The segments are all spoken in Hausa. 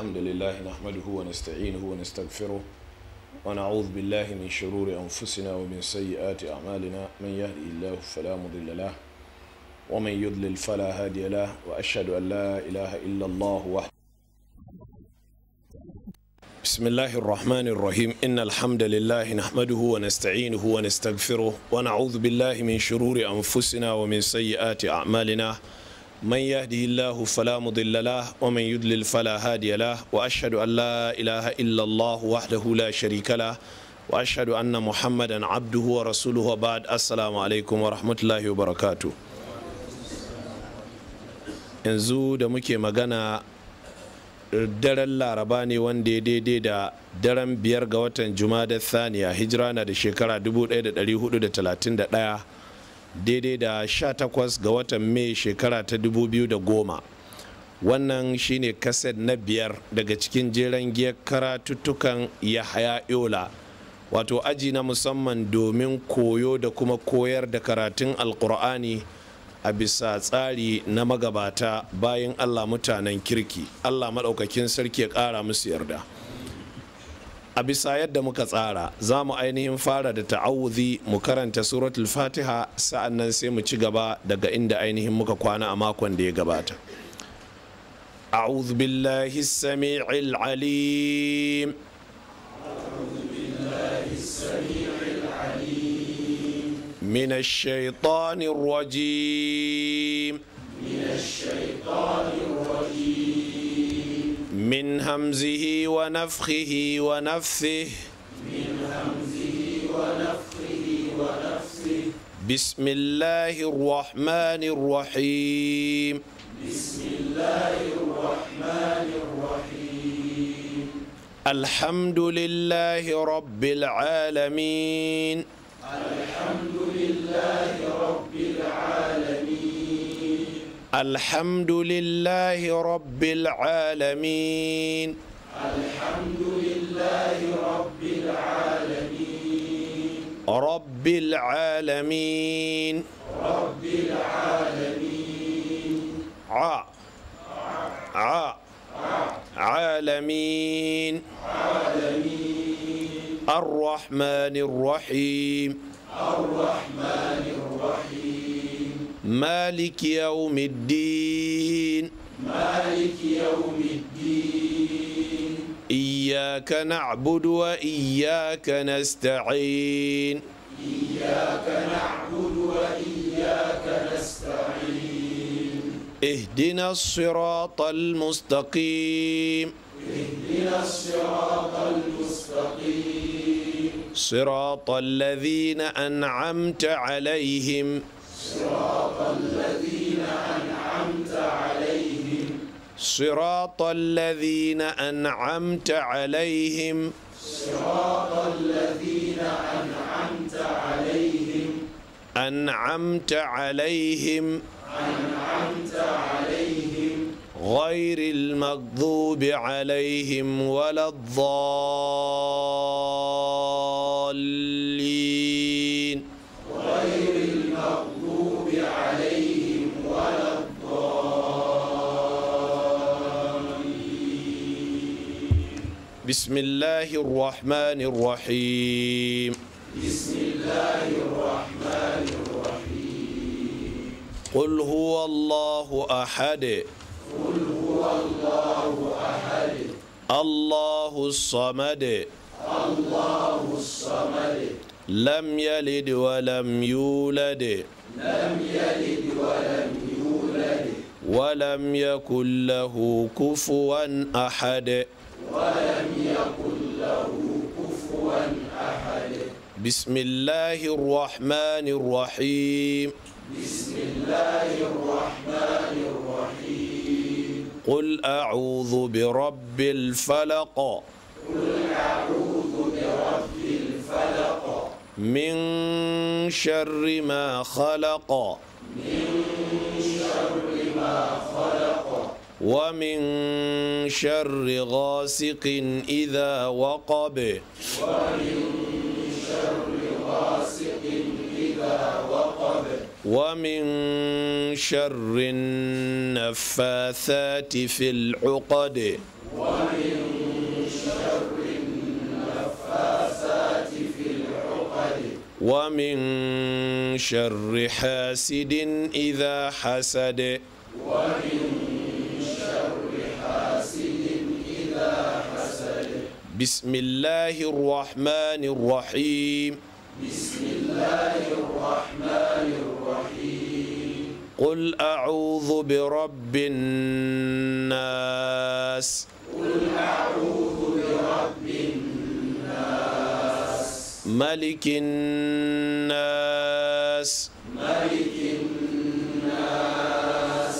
الحمد لله نحمده ونستعينه ونستغفره ونعوذ بالله من شرور أنفسنا ومن سيئات أعمالنا من يهدي الله فلا مضل له ومن يضلل فلا هادي له وأشهد أن لا إله إلا الله وحده بسم الله الرحمن الرحيم إن الحمد لله نحمده ونستعينه ونستغفره ونعوذ بالله من شرور أنفسنا ومن سيئات أعمالنا من يهده الله فلا مضل له ومن يضلل فلا هادي له واشهد ان لا اله الا الله وحده لا شريك له واشهد ان محمدا عبده ورسوله وبعد السلام عليكم ورحمه الله وبركاته yanzu da muke magana daren laraba ne wanda ya daidai da daren biyar ga watan juma'a da thaniya hijira na da shekara 1431 daidai da 18 ga watan mai shekara ta 2010 wannan shine kaset na biyar daga cikin jeran giyar karatuttukan haya yola wato aji na musamman domin koyo da kuma koyar da karatun alkur'ani a bisa tsari na magabata bayan allah mutanen kirki allah maɗaukakin sarki ya ƙara musu yarda a bisa yadda muka tsara za mu ainihin fara da ta'awuzi mu karanta suratul fatiha sa'an nan sai mu ci gaba daga inda ainihin muka kwana a makon da ya gabata أعوذ بالله من الشيطان الرجيم من الشيطان الرجيم من همزه ونفخه ونفثه من همزه ونفخه ونفثه بسم الله الرحمن الرحيم بسم الله الرحمن الرحيم الحمد لله رب العالمين الحمد لله رب الحمد لله رب العالمين الحمد لله رب العالمين رب العالمين رب العالمين ع ع عالمين عالمين الرحمن الرحيم الرحمن الرحيم مالك يوم الدين مالك يوم الدين إياك نعبد وإياك نستعين إياك نعبد وإياك نستعين اهدنا الصراط المستقيم اهدنا الصراط المستقيم صراط الذين أنعمت عليهم صراط الذين أنعمت عليهم صراط الذين أنعمت عليهم صراط الذين أنعمت عليهم أنعمت عليهم أنعمت عليهم غير المغضوب عليهم ولا الضالين بسم الله الرحمن الرحيم بسم الله الرحمن الرحيم قل هو الله أحد قل هو الله أحد الله الصمد الله الصمد لم يلد ولم يولد لم يلد ولم يولد ولم يكن له كفوا أحد ولم يكن له كفوا أحد بسم الله الرحمن الرحيم بسم الله الرحمن الرحيم قل أعوذ برب الفلق قل أعوذ برب الفلق من شر ما خلق من شر ما خلق ومن شر غاسق إذا وقب ومن شر غاسق إذا وقب ومن شر النفاثات في العقد ومن شر النفاثات في العقد ومن شر حاسد إذا حسد ومن بسم الله الرحمن الرحيم بسم الله الرحمن الرحيم قل أعوذ برب الناس قل أعوذ برب الناس ملك الناس ملك الناس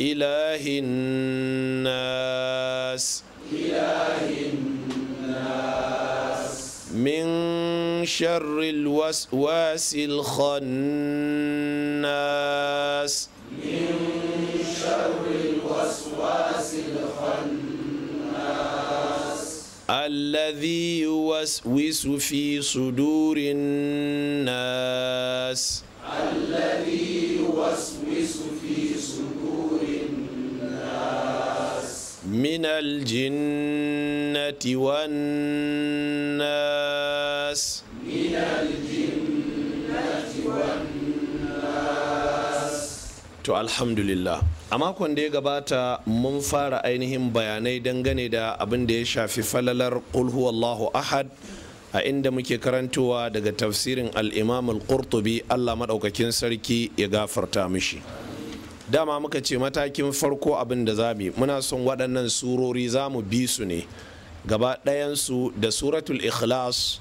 إله الناس شر الوسواس الخناس من شر الوسواس الخناس الذي يوسوس في صدور الناس الذي يوسوس في صدور الناس من الجنة والناس To alhamdulillah. A makon da ya gabata mun fara ainihin bayanai dangane da abin da ya shafi falalar kulhu Allahu ahad a inda muke karantowa daga tafsirin al-Imam al-Qurtubi Allah maɗaukakin sarki ya gafarta mishi. Dama muka ce matakin farko abin da zamu muna son waɗannan surori za mu bi su ne gaba su da suratul ikhlas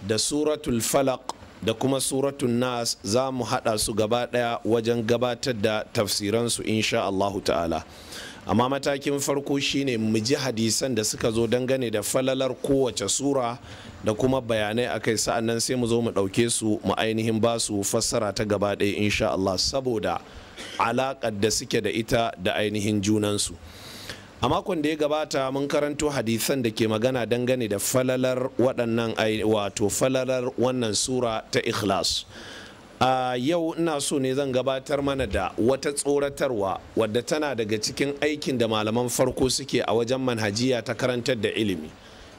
da suratul falak. da kuma suratun nas za mu haɗa su gaba ɗaya wajen gabatar da tafsiransu insha Allahu ta'ala amma matakin farko shine mu ji hadisan da suka zo dangane da falalar kowace sura da kuma bayanai akai nan sai mu zo mu ɗauke su mu ainihin ba su fassara ta gaba ɗaya insha Allah saboda alaƙar da suke da ita da ainihin junansu. a makon da ya gabata mun karanto hadisan da ke magana dangane da falalar waɗannan wato falalar wannan sura ta ikhlas a yau ina so ne zan gabatar mana da wata tsoratarwa wadda tana daga cikin aikin da malaman farko suke a wajen manhajiya ta karantar da ilimi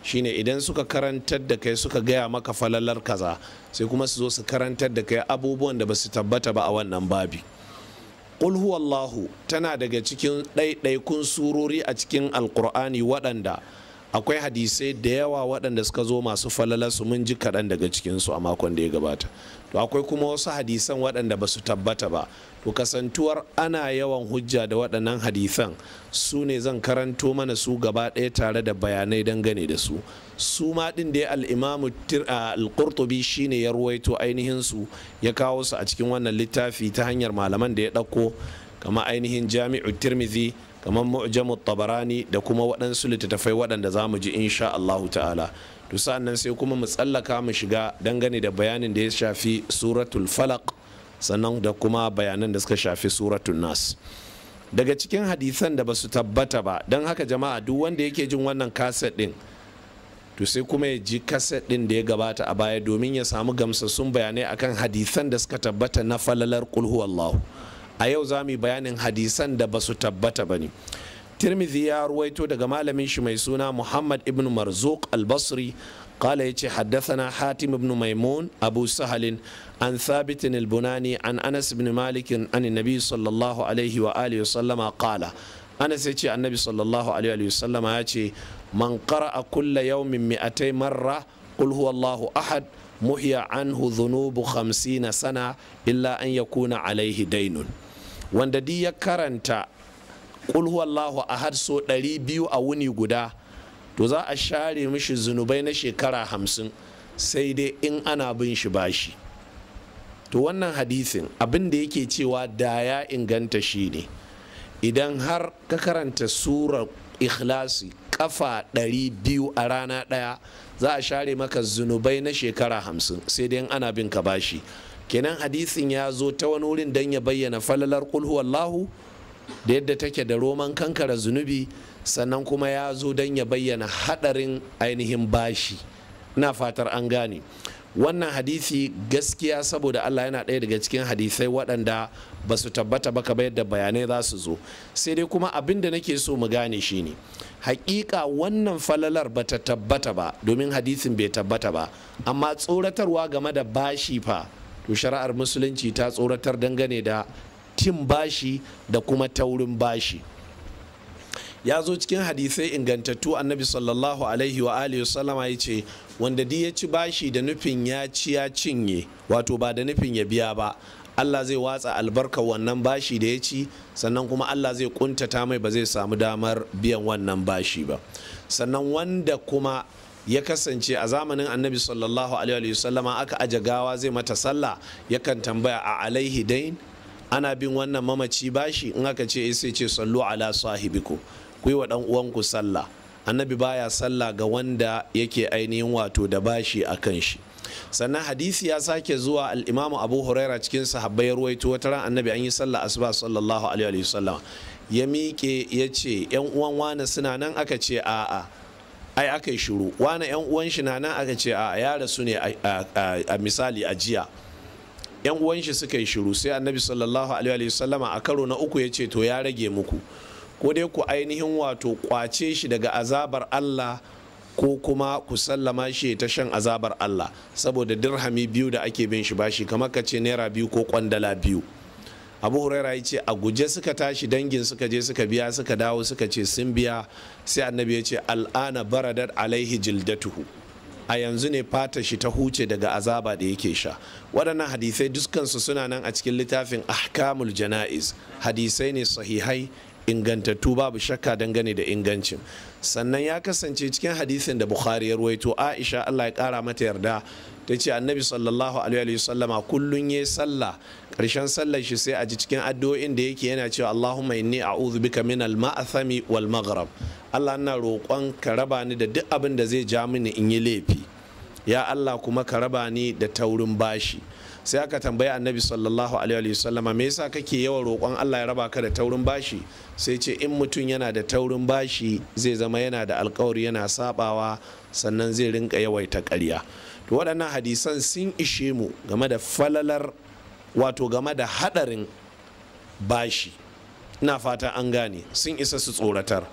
shine idan suka karantar da kai suka gaya maka falalar kaza sai kuma su zo su karantar da kai abubuwan da ba su tabbata ba a wannan babi qul Wallahu tana daga cikin ɗaiɗaikun surori a cikin alkur'ani waɗanda akwai hadisai da yawa waɗanda suka zo masu falala su mun ji kaɗan daga cikinsu a makon da ya gabata to akwai kuma wasu hadisan waɗanda ba su tabbata ba to kasantuwar ana yawan hujja da waɗannan hadisan su ne zan karanto mana su gaba ɗaya tare da bayanai dangane da su su ma din da ya imamu al-qurtubi shine ya ruwaito ainihin su ya kawo su a cikin wannan littafi ta hanyar malaman da ya dauko kamar ainihin jami'u tirmidhi kamar mu'jamu tabarani da kuma waɗansu littattafai waɗanda za mu ji insha Allah ta'ala to sa'annan sai kuma mu tsallaka mu shiga dangane da bayanin da ya shafi suratul falaq sannan da kuma bayanan da suka shafi suratul nas daga cikin hadisan da ba su tabbata ba don haka jama'a duk wanda yake jin wannan kaset din to sai kuma ya ji kaset din da ya gabata a baya domin ya samu gamsassun bayanai akan hadisan da suka tabbata na falalar kulhu Allahu a yau za mu yi bayanin hadisan da ba su tabbata ba ne tirmidhi ya ruwaito daga malamin shi mai suna muhammad ibn marzuq al-basri قال يجي حدثنا حاتم بن ميمون أبو سهل عن ثابت البناني عن أنس بن مالك عن النبي صلى الله عليه وآله وسلم قال أنس يجي النبي صلى الله عليه وآله وسلم ce. man a kulla yawmin mi'atai marra qul wallahu ahad muhya anhu dhunubu na sana illa an ya kuna alaihi dainun wanda di ya karanta qul wallahu ahad so ɗari biyu a wuni guda to za a share mishi zunubai na shekara hamsin sai dai in ana bin shi bashi to wannan hadisin abin da yake cewa da ya inganta shi ne idan har ka karanta surar ikhlasi kafa 200 a rana ɗaya za a share maka zunubai na shekara hamsin sai dai ana bin ka bashi kenan hadisin ya zo ta wani wurin don ya bayyana falalar kulhu Allahu da yadda take da roman kankara zunubi sannan kuma ya zo don ya bayyana haɗarin ainihin bashi na fatar an gane wannan hadisi gaskiya saboda allah yana ɗaya daga cikin hadisai waɗanda ba su tabbata ba kamar yadda bayanai za su zo sai dai kuma abin da nake so mu gane shine haƙiƙa wannan falalar ba ta tabbata ba domin hadisin bai tabbata ba amma tsoratarwa game da bashi fa to shari'ar musulunci ta tsoratar dangane da tin bashi da kuma taurin bashi ya zo cikin hadisai ingantattu annabi sallallahu alaihi wa alihi wasallama ya ce wanda di ya ci bashi da nufin ya ci ya cinye wato ba da nufin ya biya ba Allah zai watsa albarka wannan bashi da ya ci sannan kuma Allah zai kuntata mai ba zai samu damar biyan wannan bashi ba sannan wanda kuma ya kasance a zamanin annabi sallallahu alaihi wasallama aka aje gawa zai mata sallah yakan tambaya a alaihi dain ana bin wannan mamaci bashi in aka ce eh, sai ce sallu ala sahibiku ku yi wa ɗan uwanku sallah annabi baya sallah ga wanda yake ainihin wato da bashi a kan shi sannan hadisi ya sake zuwa al'imamu abu huraira cikin sahabbai ya ruwaito wata ran annabi an yi sallah asuba sallallahu alaihi wasallam ya miƙe ya ce yan uwan wani suna nan aka ce a'a ai aka yi shiru wani yan uwan shi na nan aka ce a'a ya rasu ne a misali a jiya yan uwan shi suka yi shiru sai annabi sallallahu alaihi wasallama a karo na uku ya ce to ya rage muku ko dai ku ainihin wato kwace shi daga azabar Allah ko kuma ku sallama shi ta shan azabar Allah saboda dirhami biyu da ake bin shi bashi kamar ka ce naira biyu ko kwandala biyu abu huraira ya ce a guje suka tashi dangin suka je suka biya suka dawo suka ce sun biya sai annabi ya ce al'ana baradat alaihi jildatuhu a yanzu ne fata shi ta huce daga azaba da yake sha waɗannan hadisai dukkansu suna nan a cikin littafin ahkamul jana'iz hadisai ne sahihai ingantattu babu shakka dangane da ingancin sannan ya kasance cikin hadisin da bukhari ya ruwaito aisha allah ya kara mata yarda ta ce annabi sallallahu alaihi wa sallama kullun ya sallah karshen sallar shi sai a ji cikin addu'o'in da yake yana cewa allahumma inni a'udhu bika min al ma'athami wal maghrab allah na roƙon ka raba ni da duk abin da zai ja mini in yi laifi ya allah kuma ka raba ni da taurin bashi sai aka tambaya annabi sallallahu alaihi wasallama me yasa kake yawan roƙon Allah ya raba ka da taurin bashi sai ce in mutum yana da taurin bashi zai zama yana da alkawari yana sabawa sannan zai rinka yawaita ƙarya to waɗannan hadisan sun ishe mu game da falalar wato game da haɗarin bashi ina fata an gane sun isa su tsoratar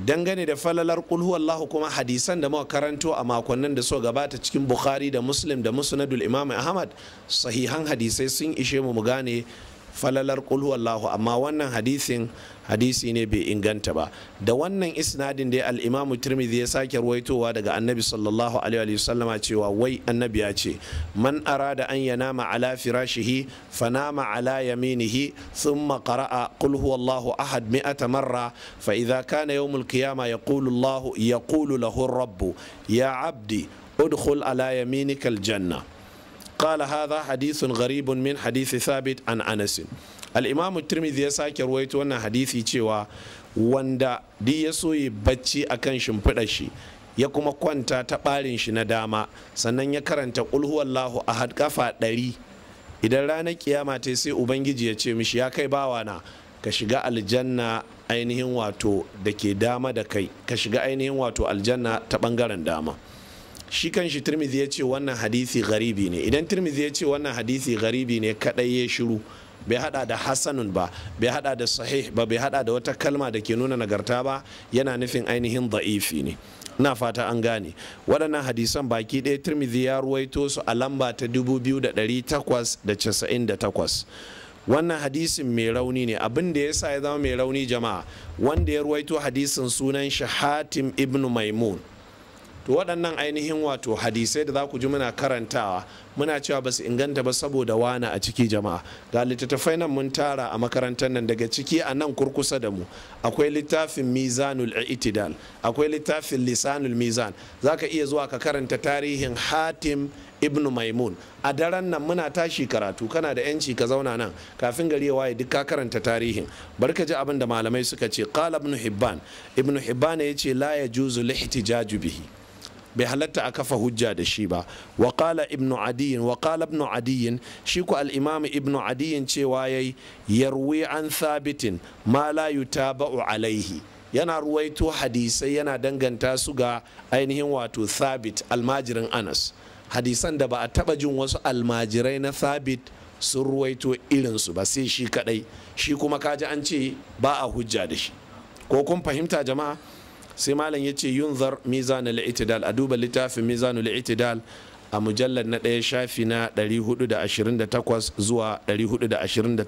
dangane da falalar Allahu kuma hadisan da muka karanto a makonnin da so gabata cikin bukhari da muslim da musnadul imam ahmad sahihan hadisai sun ishe mu mu gane falalar kulhu Allahu amma wannan hadisin hadisi ne bai inganta ba da wannan isnadin da al-imamu tirmidhi ya sake ruwaitowa daga annabi sallallahu alaihi wa sallama cewa wai annabi ya ce man arada an yanama ala firashihi fanama ala yaminihi thumma qara'a qul huwallahu ahad mi'ata marra fa idza kana yawmul qiyamah yaqulu Allahu yaqulu lahu ar-rabb ya abdi udkhul ala yaminikal qala hadha hadithun gharibun min hadithi thabit an anas al-imam tirmidhi ya sake ruwaito wannan hadisi cewa wanda di ya so yi akan shimfiɗa shi ya kuma kwanta ta ɓarin shi na dama sannan ya karanta ulhuwallahu ahad kafa ɗari idan ranar kiyama ta sai ubangiji ya ce mishi ya kai bawana ka shiga aljanna ainihin wato da ke dama da kai ka shiga ainihin wato aljanna ta ɓangaren dama shi kan shi ya ce wannan hadisi garibi ne idan turmizi ya ce wannan hadisi garibi ne kadai ya shiru bai hada da hasanun ba bai hada da sahih ba bai hada da wata kalma da ke nuna nagarta ba yana nufin ainihin za'ifi ne na fata an gane waɗannan hadisan baki ɗaya turmizi ya ruwaito su a lamba ta 2898 wannan hadisin mai rauni ne abin da ya sa ya zama mai rauni jama'a wanda ya ruwaito hadisin sunan shi hatim ibn maimun to waɗannan ainihin wato hadisai da za ku ji muna karantawa muna cewa ba su inganta ba saboda wani a ciki jama'a ga littattafai nan mun tara a makarantar nan daga ciki a nan kurkusa da mu akwai littafin mizanul itidal akwai littafin lisanul mizan za ka iya zuwa ka karanta tarihin hatim ibn maimun a daren nan muna tashi karatu kana da yanci ka zauna nan kafin gari ya waye duk ka karanta tarihin bar ka ji abin da malamai suka ce qala ibn hibban ibn hibban ya ce la yajuzu lihtijaju bihi bai halatta a kafa hujja da shi ba wa ibnu adiyin wa ibnu adiyin shi ku al-imam ibnu adiyin cewa yayi yarwi an sabitin ma la yutaba'u alaihi yana ruwaito hadisai yana danganta su ga ainihin wato thabit almajirin anas hadisan da ba a taba jin wasu almajirai na sabit sun ruwaito irinsu ba sai shi kadai shi kuma kaji an ce ba a hujja da shi ko kun fahimta jama'a sai malam ya ce yunzar mizanul itidal a duba littafin mizanul itidal a mujallar na ɗaya shafi na 428 zuwa 429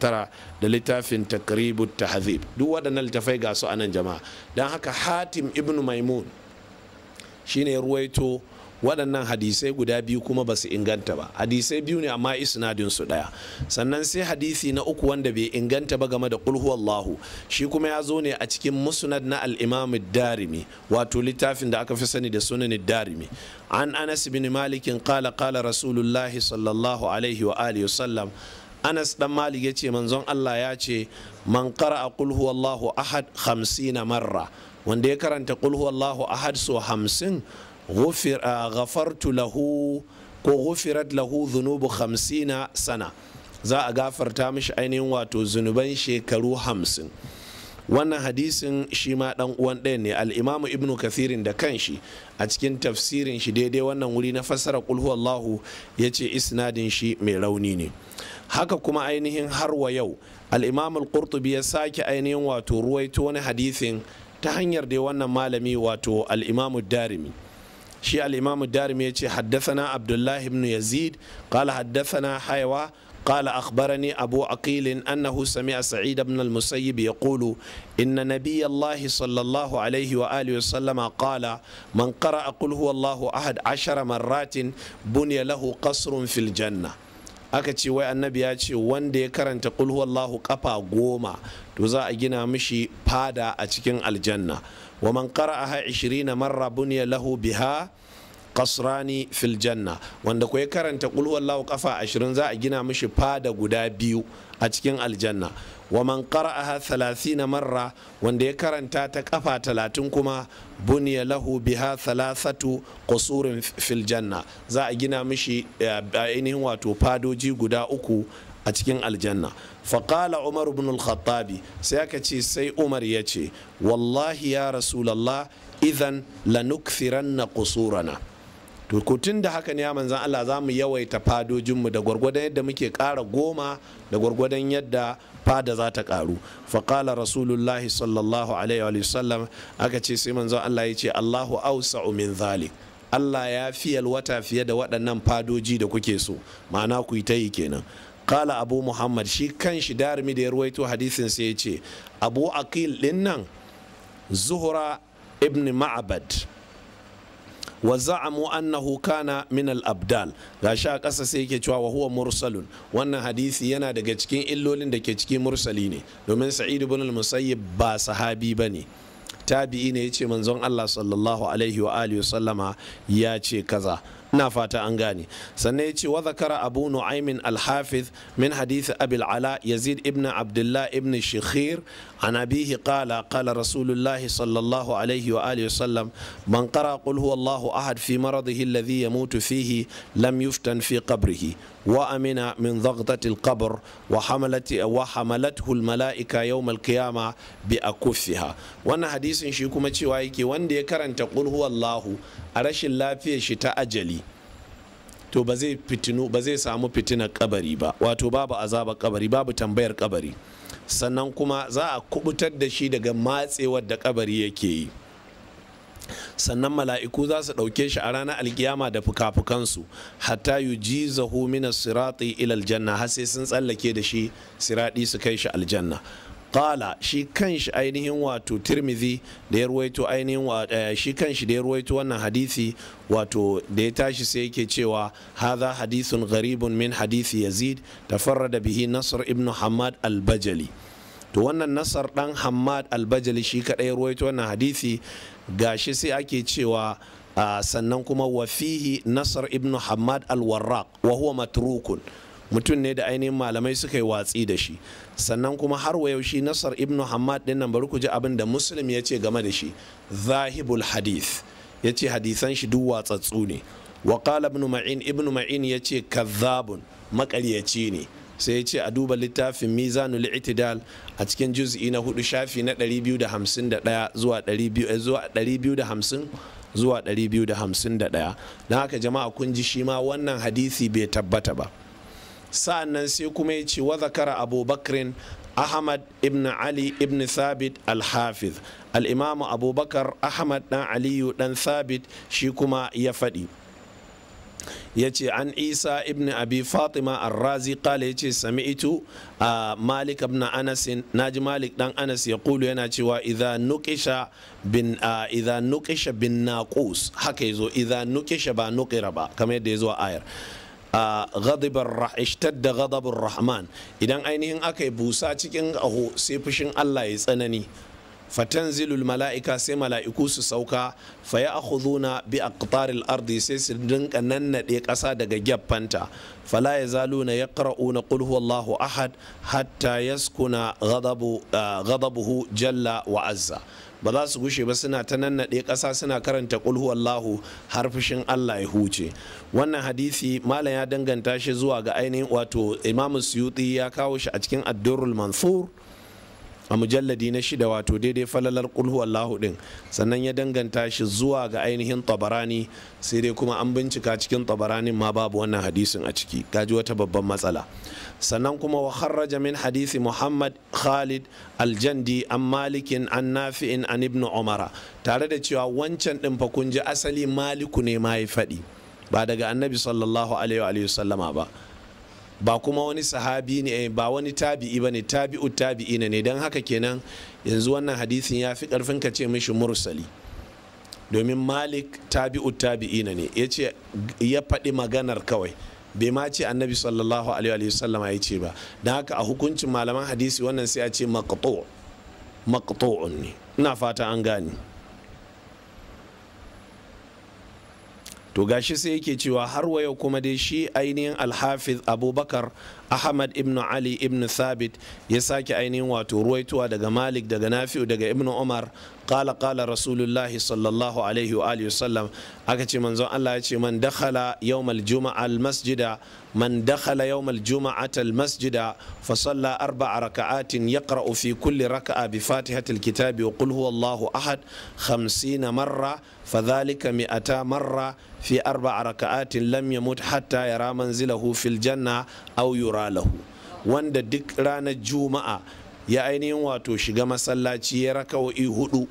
da littafin takribu tahzib duk waɗannan littafai ga su a nan jama'a don haka hatim ibn maimun shine ruwaito waɗannan hadisai guda biyu kuma ba su inganta ba hadisai biyu ne amma isnadin su ɗaya sannan sai hadisi na uku wanda bai inganta ba game da kulhu shi kuma ya zo ne a cikin musnad na al-imam darimi wato littafin da aka fi sani da sunan darimi an anas bin malikin qala qala rasulullahi sallallahu alaihi wa alihi wasallam anas dan malik ya ce manzon Allah ya ce man qara'a a huwallahu ahad 50 marra wanda ya karanta qul ahad so hamsin ghafartu lahu ko ghufirat lahu zunubu hamsina sana za a gafarta mishi ainihin wato zunuban shekaru hamsin wannan hadisin shi ma dan uwan ɗaya ne al'imamu ibnu kathirin da kanshi a cikin tafsirin shi daidai wannan wuri na fassara kulhu allahu ya ce isnadin shi mai rauni ne haka kuma ainihin har wa yau al'imamu al-qurtubi ya sake ainihin wato ruwaito wani hadisin ta hanyar dai wannan malami wato al'imamu darimi shi Alimami imamu ya ce haddasana abdullahi ibn yazid qala haddasana haiwa قال أخبرني أبو عقيل أنه سمع سعيد بن المسيب يقول إن نبي الله صلى الله عليه وآله وسلم قال من قرأ قل هو الله أحد عشر مرات بني له قصر في الجنة aka ce wai annabi ya ce wanda ya karanta qul huwallahu kafa goma to za a gina mishi fada a cikin aljanna wa man qara'aha 20 marra bunya lahu biha kasrani fil janna wanda kuwa karanta kul wallahu kafa ashirin za a gina mishi fada guda biyu a cikin aljanna wa man qara'aha thalathina marra wanda ya karanta ta kafa talatin kuma bunya lahu biha thalathatu qusurin fil janna za a gina mishi eh, ainihin wato fadoji guda uku a cikin aljanna faƙala umar ibn al-khattabi sai aka ce sai umar ya ce wallahi ya rasulallah idan lanukthiranna qusurana to tun da haka ne ya manzan Allah za mu yawaita fadojinmu da gwargwadon yadda muke ƙara goma da gwargwadon yadda fada za ta ƙaru faƙala rasulullahi sallallahu alaihi wa sallam aka ce sai manzan Allah ya ce Allahu ausa'u min zalik Allah ya fi wata fiye da waɗannan fadoji da kuke so ma'ana ku yi ta yi kenan kala abu muhammad shi kan shi darimi da ya ruwaito hadisin sai ya ce abu akil din nan zuhura ibn ma'abad wa za'amu annahu kana min al-abdal gashi a ƙasa sai yake cewa wa huwa mursalun wannan hadisi yana daga cikin illolin da ke cikin mursali ne domin sa'id ibn al-musayyib ba sahabi bane tabi'i ne yace manzon Allah sallallahu alaihi wa alihi sallama ya ce kaza na fata an gane sannan ya ce wa zakara abu nu'aimin alhafiz min hadith abil ala yazid ibn abdullah ibn shikhir an abihi qala qala rasulullahi sallallahu alaihi wa alihi wasallam man qara qul huwallahu ahad fi maradihi alladhi yamutu fihi lam yuftan fi qabrihi وأمن من ضغطة القبر وحملت وحملته الملائكة يوم القيامة بأكفها وأن حديث شيكو ما تشوايكي وأن دي كرن تقول هو الله أرش الله في شتاء أجلي to ba zai fitinu ba zai samu fitinar kabari ba wato babu azaba kabari babu tambayar kabari sannan kuma za a kubutar da shi daga matsewar da kabari yake yi sannan mala'iku za su ɗauke shi a ranar alkiyama da fuka-fukansu hatta yu ji zahu minas sirati ilal janna har sai sun tsallake da shi siraɗi su kai shi aljanna kala shi kanshi ainihin wato tirmidhi da ya ruwaito ainihin eh, shi kanshi da ya ruwaito wannan hadisi wato da ya tashi sai yake cewa haza hadithun gharibun min hadisi yazid da bihi nasr ibn hamad al-bajali to wannan nasar dan hamad albajali shi kadai ruwaito wannan hadisi gashi sai ake cewa sannan kuma wafihi nasar ibnu hamad alwarraq wa huwa matrukun mutum ne da ainihin malamai suka yi watsi da shi sannan kuma har wa yaushe nasar ibnu hamad din nan bari ku ji abin da muslim ya ce game da shi zahibul hadith ya ce hadisan shi duk watsatsu ne wa qala ibnu ma'in ibnu ma'in ya ce kazzabun maƙaryaci ne sai ya ce a duba littafin mizanul itidal a cikin juz'i na hudu shafi na 251 zuwa 250 eh, zuwa 251 na haka jama'a kun ji shi ma wannan hadisi bai tabbata ba sa'annan sai kuma ya ce wa zakara abubakrin ahmad ibn ali ibn thabit al-hafiz al-imamu abubakar ahmad dan aliyu dan thabit shi kuma ya faɗi ya ce an isa ibn abi fatima arrazi kala ya ce sami'itu a uh, malik ibn anas malik dan anas ya kulu yana cewa idha nuqisha bin uh, idha bin naqus haka yazo idha ba nuqira ba kamar yadda yazo a ayar uh, ghadibar da ghadabur rahman idan ainihin aka yi busa cikin aho sai fushin Allah ya tsanani fatan zilul mala'ika sai mala'iku su sauka fa ya'khudhuna bi aqtaril ardi sai su dinka nannaɗe ƙasa daga gyaffanta fala ya zaluna yaqra'una qul huwallahu ahad hatta yaskuna ghadabu ah, ghadabuhu jalla wa azza ba za su gushe ba suna ta nannaɗe ƙasa suna karanta ƙulhu Allahu har fushin Allah ya huce wannan hadisi malam ya danganta shi zuwa ga ainihin wato imamu Suyuti ya kawo shi a cikin addurul durrul a mujalladi na shida wato daidai falalar kulhu Allahu din sannan ya danganta shi zuwa ga ainihin tabarani sai dai kuma an bincika cikin tabaranin ma babu wannan hadisin a ciki gaji wata babban matsala sannan kuma wa kharraja min hadisi Muhammad Khalid Aljandi an Malikin an Nafi'in an Ibn Umara tare da cewa wancan din fa kun ji asali Maliku ne ma ya faɗi ba daga Annabi sallallahu alaihi wa sallama ba ba kuma wani sahabi ne eh, ba wani tabi'i ba ne tabi'u tabi'i ne don haka kenan yanzu wannan hadisin ya fi karfin ka ce mishi mursali domin malik tabi'u tabi'i ne ya ce ya faɗi maganar kawai bai ma ce annabi sallallahu alaihi wasallama ya ce ba don haka a hukuncin malaman hadisi wannan sai a ce ne ina fata an gani to gashi sai yake cewa har waya kuma dai shi ainihin alhafiz abubakar ahmad ibn ali ibn thabit ya sake ainihin wato ruwaituwa daga malik daga nafi'u daga ibn umar qala qala rasulullahi sallallahu alaihi wa alihi wasallam aka ce manzon Allah ya ce man dakhala yawmal juma'a al masjida man dakhala yawmal juma'ata al masjida fa salla arba'a raka'atin yaqra'u fi kulli raka'a bi fatihati kitabi wa qul huwallahu ahad 50 marra فذلك 200 marra fi arba raka'atin lam ya mutu hatta yara zilahu fil janna au yura lahu wanda duk ranar juma'a ya ainihin wato shiga masallaci ya raka'o'i hudu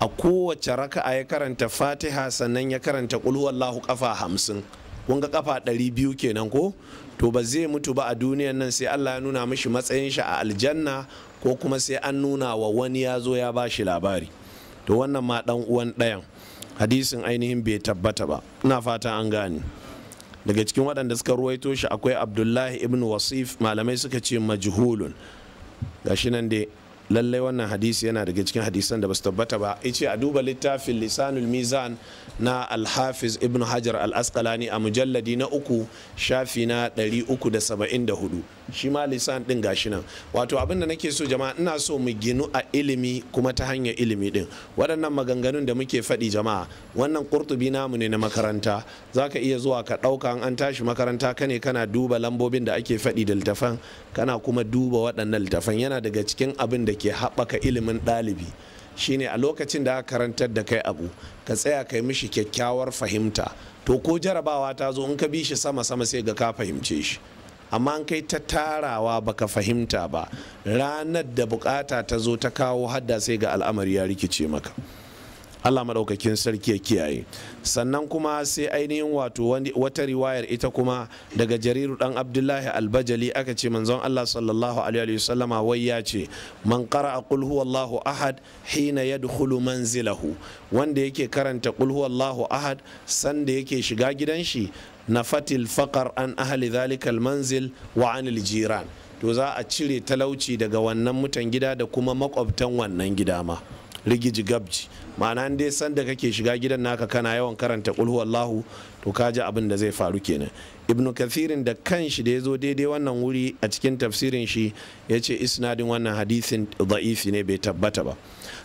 a kowace raka'a ya karanta fatiha sannan ya karanta kulhuwallahu kafa hamsin kun ga kafa ɗari biyu kenan ko to ba zai mutu ba a duniyan nan sai allah ya nuna mishi matsayin shi a aljanna ko kuma sai an nuna wa wani ya zo ya ba shi labari to wannan ma ɗan uwan ɗayan hadisin ainihin bai tabbata ba ina fata an gane daga cikin waɗanda suka ruwaito shi akwai abdullahi ibn wasif malamai suka ce majhulun gashi nan dai lallai wannan hadisi yana daga cikin hadisan da ba su tabbata ba ce a duba littafin lisanul mizan na alhafiz ibn hajar al-asqalani a mujalladi na uku shafi na 374 shi ma lisan din gashi nan wato abin da nake so jama'a ina so mu ginu a ilimi kuma ta hanyar ilimi din waɗannan maganganun da muke faɗi jama'a wannan kurtubi namu ne na makaranta Za ka iya zuwa ka ɗauka an tashi makaranta ka ne kana duba lambobin da ake faɗi da littafan kana kuma duba waɗannan littafan yana daga cikin abin da ke haɓaka ilimin ɗalibi shine a lokacin da aka karantar da kai abu ka tsaya kai mishi kyakkyawar fahimta to ko jarabawa ta zo in ka bi shi sama sama sai ga ka fahimce shi amma in kai ta tarawa baka fahimta ba ranar da bukata ta zo ta kawo hadda sai ga al'amari ya rikice maka allah maɗaukakin sarki ya kiyaye sannan kuma sai ainihin wato wata riwayar ita kuma daga jariru dan abdullahi albajali aka ce manzon allah sallallahu alaihi wa sallam wai ya ce man qara qul huwallahu ahad hina yadkhulu manzilahu wanda yake karanta qul huwallahu ahad sanda yake shiga gidan shi fatil faqar an ahli zalikal manzil wa anil jiran to za a cire talauci daga wannan mutan gida da kuma makwabtan wannan gida ma rigiji gabji ma'ana in dai sanda kake shiga gidan naka kana yawan karanta kulhu wallahu to ka ji abin da zai faru kenan ibnu kathirin da kanshi da ya zo daidai wannan wuri a cikin tafsirin shi ya ce isnadin wannan hadisin da'ifi ne bai tabbata ba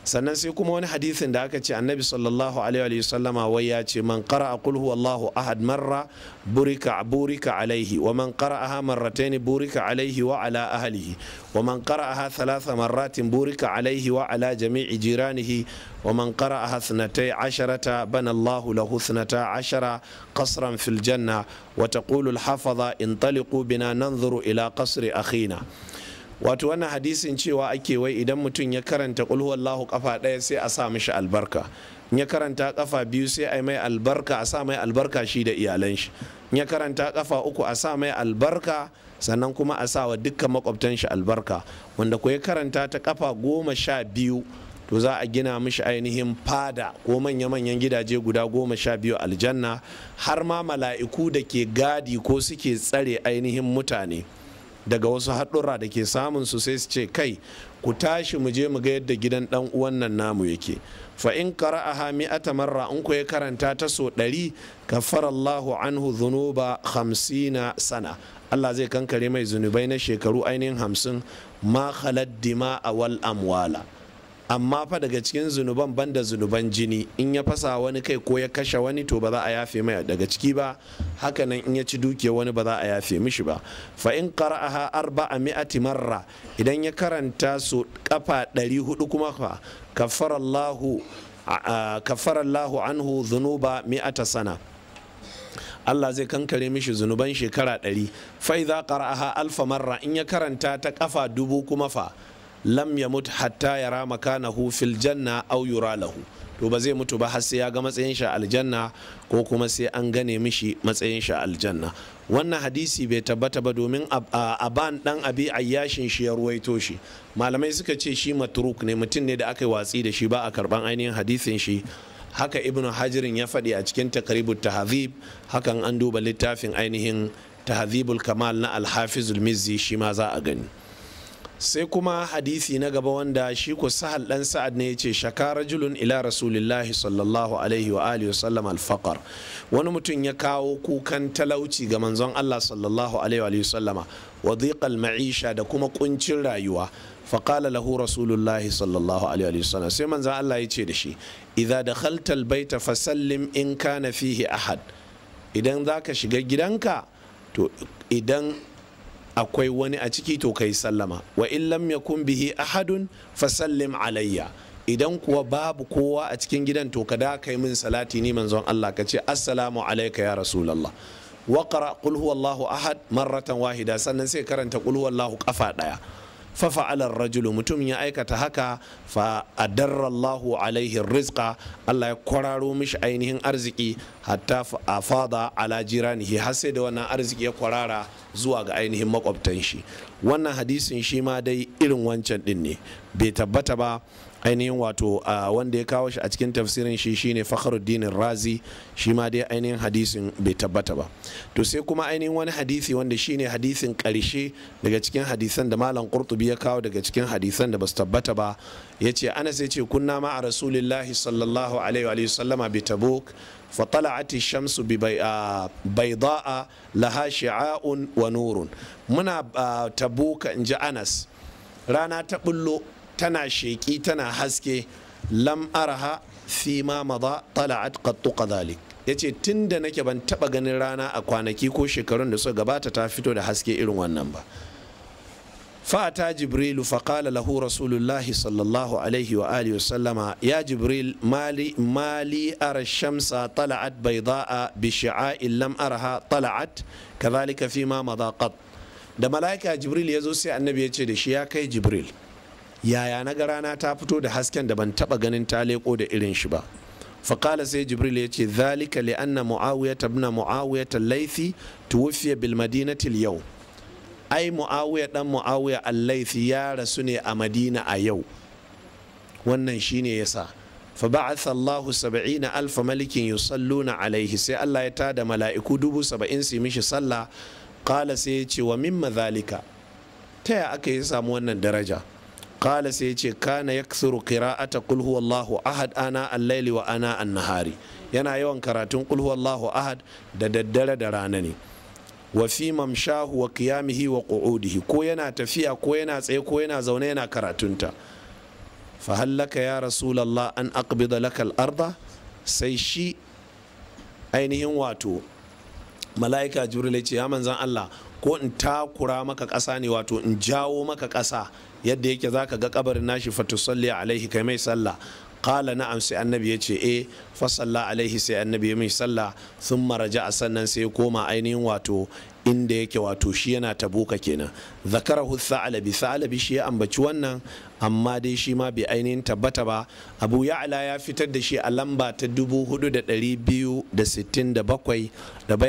sannan sai kuma wani hadisin da aka ce annabi sallallahu alaihi wa sallama wai ya ce man qara'a qul huwallahu ahad marra burika burika alaihi wa man qara'aha marratayn burika alaihi wa ala ahlihi wa man qara'aha thalatha marratin burika alaihi wa ala jami'i jiranihi wa man qara'aha thnatay asharata bana Allahu lahu thnata ashara qasran fil janna wa taqulu al-hafaza intaliqu bina nanzuru ila qasri akhina wato wannan hadisin cewa ake wai idan mutum ya karanta kulhuwallahu kafa ɗaya sai a sa mishi albarka in ya karanta kafa biyu sai a mai albarka a sa mai albarka shi da iyalan shi in ya karanta kafa uku a sa mai albarka sannan kuma a sa wa dukkan makwabtan shi albarka wanda ku ya karanta ta kafa goma sha biyu to za a gina mishi ainihin fada ko manya-manyan gidaje guda goma sha biyu aljanna har ma mala'iku da ke gadi ko suke tsare ainihin mutane daga wasu haɗurra da ke samun su sai su ce kai ku tashi mu je mu ga yadda gidan ɗan uwan nan namu yake fa in hami mi'ata marra in ku ya karanta ta so ɗari kafarallahu anhu dhunuba hamsina sana Allah zai kankare mai zunubai na shekaru ainihin hamsin ma khalad dima wal amwala amma fa daga cikin zunuban banda zunuban jini in ya fasa wani kai ko ya kashe wani to ba za a yafe mai daga ciki ba haka nan in ya ci dukiyar wani ba za a yafe mishi ba fa in qara'aha arba'a mi'ati marra idan ya karanta su kafa 400 kuma fa kafara Allah anhu dhunuba mi'ata sana Allah zai kankare mishi zunuban shekara 100 fa idza qara'aha alfa marra in ya karanta ta kafa dubu kuma fa lam ya mutu hatta ya makanahu fil janna au yura lahu to ba zai mutu ba har sai ya ga matsayin shi aljanna ko kuma sai an gane mishi matsayin shi aljanna wannan hadisi bai tabbata ba domin aban dan abi ayyashin shi ya ruwaito shi malamai suka ce shi matruk ne mutum ne da aka yi watsi da shi ba a karban ainihin hadisin shi haka ibn hajirin ya faɗi a cikin takribut tahzib hakan an duba littafin ainihin tahzibul kamal na alhafizul mizzi shi ma za a gani sai kuma hadisi na gaba wanda shi ku sahal dan sa'ad ne yace shaka rajulun ila rasulillahi sallallahu alaihi wa alihi wasallam alfaqar wani mutum ya kawo kukan talauci ga manzon Allah sallallahu alaihi wa wasallama wa dhiqal ma'isha da kuma kuncin rayuwa faqala lahu rasulullahi sallallahu alaihi wa sallam sai manzon Allah yace da shi idza dakhalta albayta fasallim in kana fihi ahad idan zaka shiga gidanka to idan akwai wani a ciki to kai sallama wa in lam yakun bihi ahadun fa sallim alayya idan kuwa babu kowa a cikin gidan to ka da kai min salati ni manzon Allah ka ce assalamu alayka ya rasulullah wa qara qul huwallahu ahad marratan wahida sannan sai karanta qul huwallahu kafa daya fa'alar rajulu mutum ya aikata haka fa alaihin alaihi rizqa Allah ya kwararo mishi ainihin arziki hatta fada ala jiranihi har sai da wannan arziki ya kwarara zuwa ga ainihin makwabtan shi wannan hadisin shi ma dai irin wancan din ne bai tabbata ba ainihin wato wanda ya kawo shi a cikin tafsirin shi shine fakharuddin razi shi ma dai ainihin hadisin bai tabbata ba to sai kuma ainihin wani hadisi wanda shine hadisin karshe daga cikin hadisan da malam qurtubi ya kawo daga cikin hadisan da basu tabbata ba yace anas ce kunna ma a rasulillahi sallallahu alaihi wa sallama bi tabuk bi bayda'a laha لها wa nurun muna tabuka in ji anas rana ta bullo tana sheƙi tana haske lam araha fi ma maza tala'at qattu kadhalik yace tunda nake ban taba ganin rana a kwanaki ko shekarun da suka gabata ta fito da haske irin wannan ba Jibrilu fa فقال lahu رسول sallallahu alaihi الله wa وآله وسلم يا جبريل mali mali ما لي أرى الشمس طلعت بيضاء بشعاء lam أرها طلعت كذلك fi ma قط da malaika jibril ya zo sai annabi yace da shi ya kai jibril yaya na ga rana ta fito da hasken da ban taba ganin ta leko da irin shi ba faƙala sai jibril ya ce zalika li anna na ibn ta laifi tuwfiya bil madinatil yau ai mu'awiya dan mu'awiya al-laifi ya rasu ne a madina a yau wannan shine yasa fa ba'atha Allah 70 alf malikin yusalluna alaihi sai Allah ya tada mala'iku dubu saba'in su mishi sallah qala sai ya ce wa mimma zalika ta ya aka yi samu wannan daraja kala sai yace kana kira ata qul wallahu ahad ana allaili wa ana an yana yawan karatun qul wallahu ahad da daddare da rana ne wa fi mamshahu wa qiyamihi wa qu'udihi ko yana tafiya ko yana tsaye ko yana zaune yana karatunta fa hallaka ya rasulullah an aqbida laka al-arda sai shi ainihin wato mala'ika jibril ya ce ya manzan Allah ko in takura maka ƙasa ne wato in jawo maka ƙasa yadda yake zaka ga kabarin nashi fa tusalli alaihi kai mai sallah kala na'am sai annabi ya eh e fasalla alaihi sai annabi ya mai sallah sun maraja a sannan sai ya koma ainihin wato inda yake wato shi yana tabuka kenan zakarahu sa'alabi sa'alabi shi ya ambaci wannan amma dai shi ma bai ainihin tabbata ba abu ya'ala ya fitar da shi a lamba ta 4267 da bai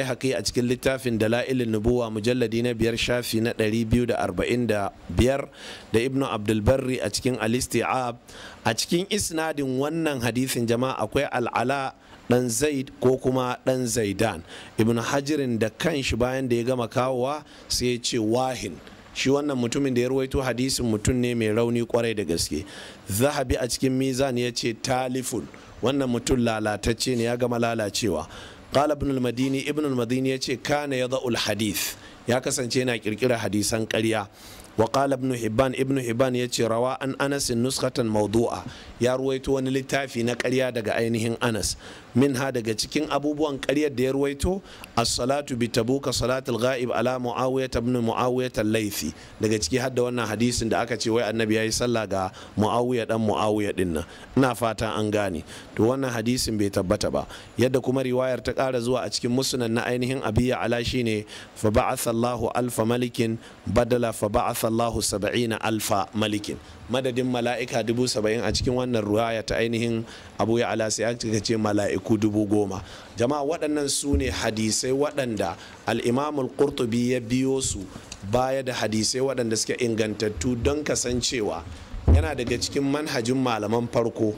haƙi a cikin littafin da la'ilin nubuwa mujalladi na biyar shafi na 245 da ibnu abdulbarri a cikin alisti'ab a cikin isnadin wannan hadisin jama'a akwai al'ala dan zaid ko kuma dan zaidan ibn hajirin da kanshi bayan da ya gama kawowa sai ya ce wahin shi wannan mutumin da ya ruwaito hadisin mutum ne mai rauni kwarai da gaske zahabi a cikin mizan ya ce talifun wannan mutum lalatacce ne ya gama lalacewa qala ibn al-madini ibn al-madini ya ce kana yada'ul hadith ya kasance yana kirkira hadisan ƙarya wa qala ibn hibban ibn hibban yace rawa an anasin nuskhatan maudu'a ya ruwaito wani littafi na karya daga ainihin anas ha daga cikin abubuwan karyar da ya ruwaito as-salatu bi tabuka salatul ghaib ala muawiyah ibn muawiyah al-laythi daga ciki har da wannan hadisin da aka ce wai annabi yayi sallah ga muawiyah dan muawiyah din nan ina fata an gane to wannan hadisin bai tabbata ba yadda kuma riwayar ta kara zuwa a cikin musnad na ainihin abiya ala shine fa ba'atha Allahu alfa malikin badala fa ba'atha ba'athallahu saba'ina alfa malikin madadin mala'ika dubu saba'in a cikin wannan ruwaya ta ainihin abu ya ala sai aka ce mala'iku dubu goma jama'a waɗannan su ne hadisai waɗanda al'imamul qurtubi ya biyo su baya da hadisai waɗanda suke ingantattu don kasancewa yana daga cikin manhajin malaman farko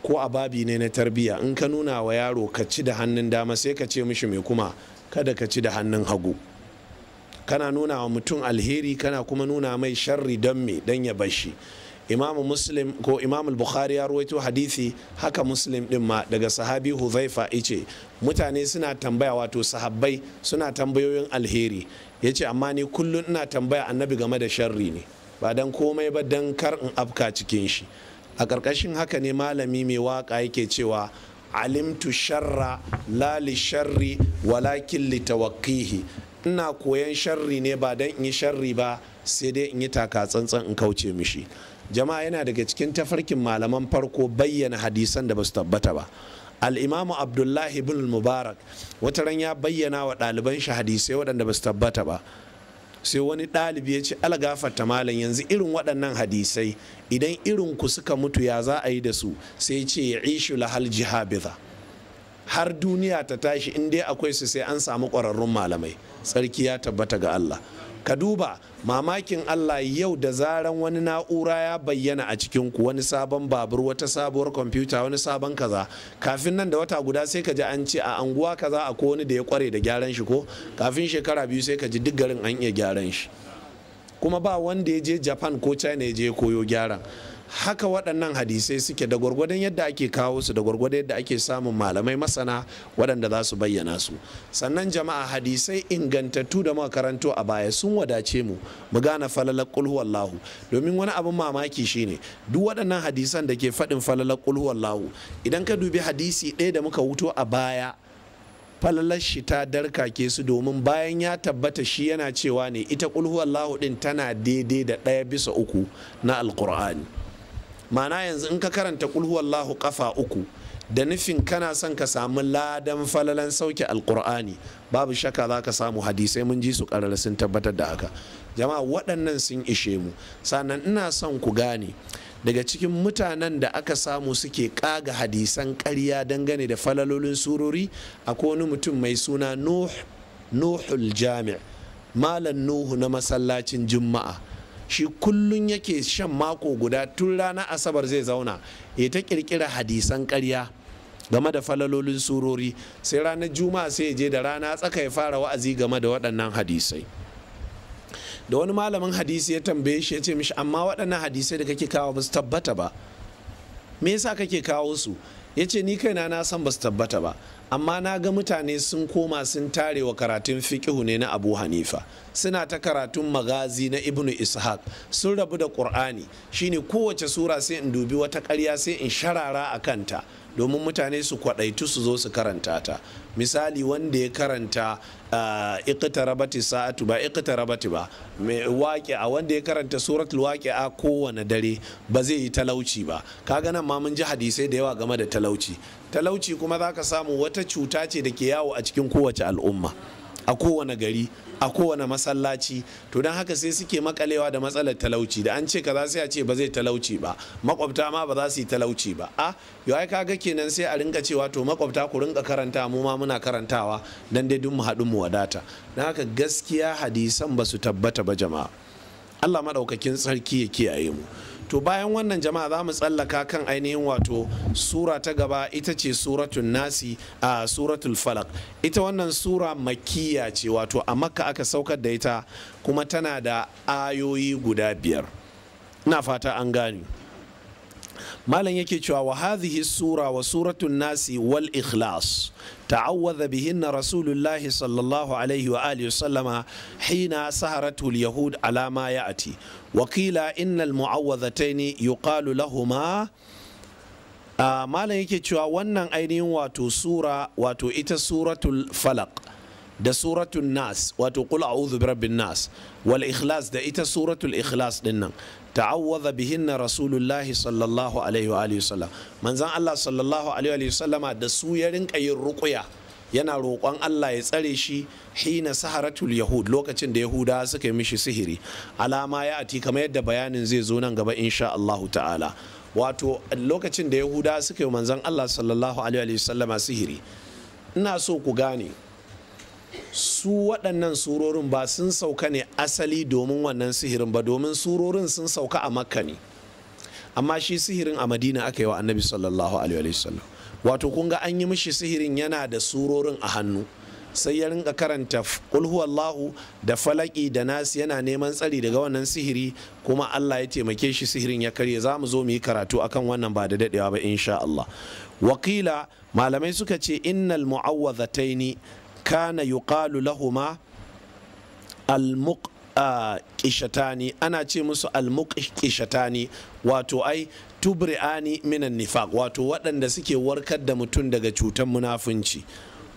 ko a babi ne na tarbiyya in ka nuna wa yaro ka ci da hannun dama sai ka ce mishi mai kuma kada ka ci da hannun hagu kana nuna wa mutum alheri kana kuma nuna mai sharri don me don ya bashi imamu muslim ko imamu bukhari ya ruwaito hadithi haka muslim din ma daga sahabi huzaifa ice mutane suna tambaya wato sahabbai suna tambayoyin alheri ya ce amma ni kullum ina tambaya annabi game da sharri ne ba dan komai ba dan kar in afka cikin shi a ƙarƙashin haka ne malami mai waƙa yake cewa alimtu sharra lali li sharri walakin li ina koyan sharri ne ba don in yi sharri ba sai dai in yi taka tsantsan in kauce mishi jama'a yana daga cikin tafarkin malaman farko bayyana hadisan da ba su tabbata ba al'imamu abdullahi bin mubarak wata ran ya bayyana wa ɗaliban shi hadisai waɗanda ba su tabbata ba sai wani ɗalibi ya ce algafarta malam yanzu irin waɗannan hadisai idan irin ku suka mutu ya za a yi da su sai ce ya ishu lahal jihabiza har duniya ta tashi in dai akwai su sai an samu ƙwararrun malamai sarki ya tabbata ga Allah ka duba mamakin Allah yau da zaran wani na'ura ya bayyana a cikin ku wani sabon babur wata sabuwar kwamfuta wani sabon kaza kafin nan da wata guda sai ka ji an ce a anguwa kaza a wani da ya kware da gyaran shi ko kafin shekara biyu sai ka ji duk garin an iya gyaran shi kuma ba wanda ya je japan ko china ya je koyo gyaran haka waɗannan hadisai suke da gwargwadon yadda ake kawo su da gwargwadon yadda ake samun malamai masana waɗanda za su bayyana su sannan jama'a hadisai ingantattu da muka a baya sun wadace mu mu gane falalar kulhu domin wani abin mamaki shine duk waɗannan hadisan da ke faɗin falalar kulhu idan ka dubi hadisi ɗaya da muka wuto a baya falalar shi ta darka ke su domin bayan ya tabbata shi yana cewa ne ita kulhu din tana daidai da ɗaya bisa uku na alkur'ani mana yanzu in ka karanta kulhuwallahu kafa uku da nufin kana son ka samu ladan falalan sauke alkur'ani babu shaka za ka samu hadisai mun ji su karar sun tabbatar da haka jama'a waɗannan sun ishe mu sannan ina son ku gane daga cikin mutanen da aka samu suke ƙaga hadisan ƙarya dangane da falalolin surori akwai wani mutum mai suna nuhul jami' malam nuhu na masallacin juma'a shi kullun yake shan mako guda tun rana asabar zai zauna ya ta kirkira hadisan karya game da falalolin surori sai ranar juma'a sai ya je da rana tsaka ya fara wa'azi game da waɗannan hadisai da wani malamin hadisi ya tambaye shi ya ce mishi amma waɗannan hadisai da kake kawo ba su tabbata ba me yasa kake kawo su ya ce ni kaina na san ba su tabbata ba amma na ga mutane sun koma sun tare wa karatun fiƙihu ne na abu hanifa suna ta karatun magazi na ibnu ishaq sun rabu da ƙur'ani shine kowace sura sai in dubi wata karya sai in sharara a kanta domin mutane su kwadaitu su zo su karanta ta misali wanda ya karanta ah, iqtarabati sa'atu ba iqtarabati ba mai a wanda ya karanta suratul a kowane dare ba zai yi talauci ba kaga nan ma mun ji hadisai da yawa game da talauci talauci kuma zaka samu wata cuta ce da ke yawo a cikin kowace al'umma a kowane gari a kowane masallaci to don haka sai suke makalewa da matsalar talauci da an ce kaza sai a ce ba zai talauci ba makwabta ma ba za su yi talauci ba a ah, yau ai kaga kenan sai a rinka cewa to makwabta ku rinka karanta mu ma muna karantawa dan dai duk mu haɗu mu wadata don haka gaskiya hadisan ba su tabbata ba jama'a Allah maɗaukakin sarki ya kiyaye mu to bayan wannan jama'a za mu tsallaka kan ainihin wato sura ta gaba ita ce suratun nasi a suratul falak ita wannan sura makiya ce wato a makka aka saukar da ita kuma tana da ayoyi guda biyar na fata an gani malam yake cewa wa hadhihi sura wa suratun nasi wal ikhlas ta'awwadha bihinna rasulullah sallallahu alaihi wa alihi sallama hina saharatu yahud ala ma ya'ti wa qila innal mu'awwadhataini yuqalu lahumā ah, malam yake cewa wannan ainihin wato sura wato ita suratul falaq da suratul nas wato qul a'udhu birabbin nas wal ikhlas da ita suratul ikhlas din nan ta'awwadha bihinna rasulullahi sallallahu alaihi wa alihi wasallam Allah sallallahu alaihi wa sallam da su ya rinka yin ruqya yana roƙon Allah ya tsare shi hina saharatul yahud lokacin da yahuda suka yi mishi sihiri alama ya ati kamar yadda bayanin zai zo nan gaba insha Allahu ta'ala wato lokacin da yahuda suka yi manzan Allah sallallahu alaihi wa sallama sihiri ina so ku gane su waɗannan surorin ba sun sauka ne asali domin wannan sihirin ba domin surorin sun sauka a makka ne amma shi sihirin a madina aka yi wa annabi sallallahu alaihi wasallam wato kun ga an yi mishi sihirin yana da surorin a hannu sai ya rinka karanta wallahu da falaki da nasi yana neman tsari daga wannan sihiri kuma Allah ya taimake shi sihirin ya karye za mu zo mu yi karatu akan wannan ba da dadewa ba insha Allah wakila malamai suka ce innal mu'awwazataini kana yuqalu lahuma ana ce musu almuqishatani wato ai tubri'ani minan nifaq wato waɗanda suke warkar da mutum daga cutar munafunci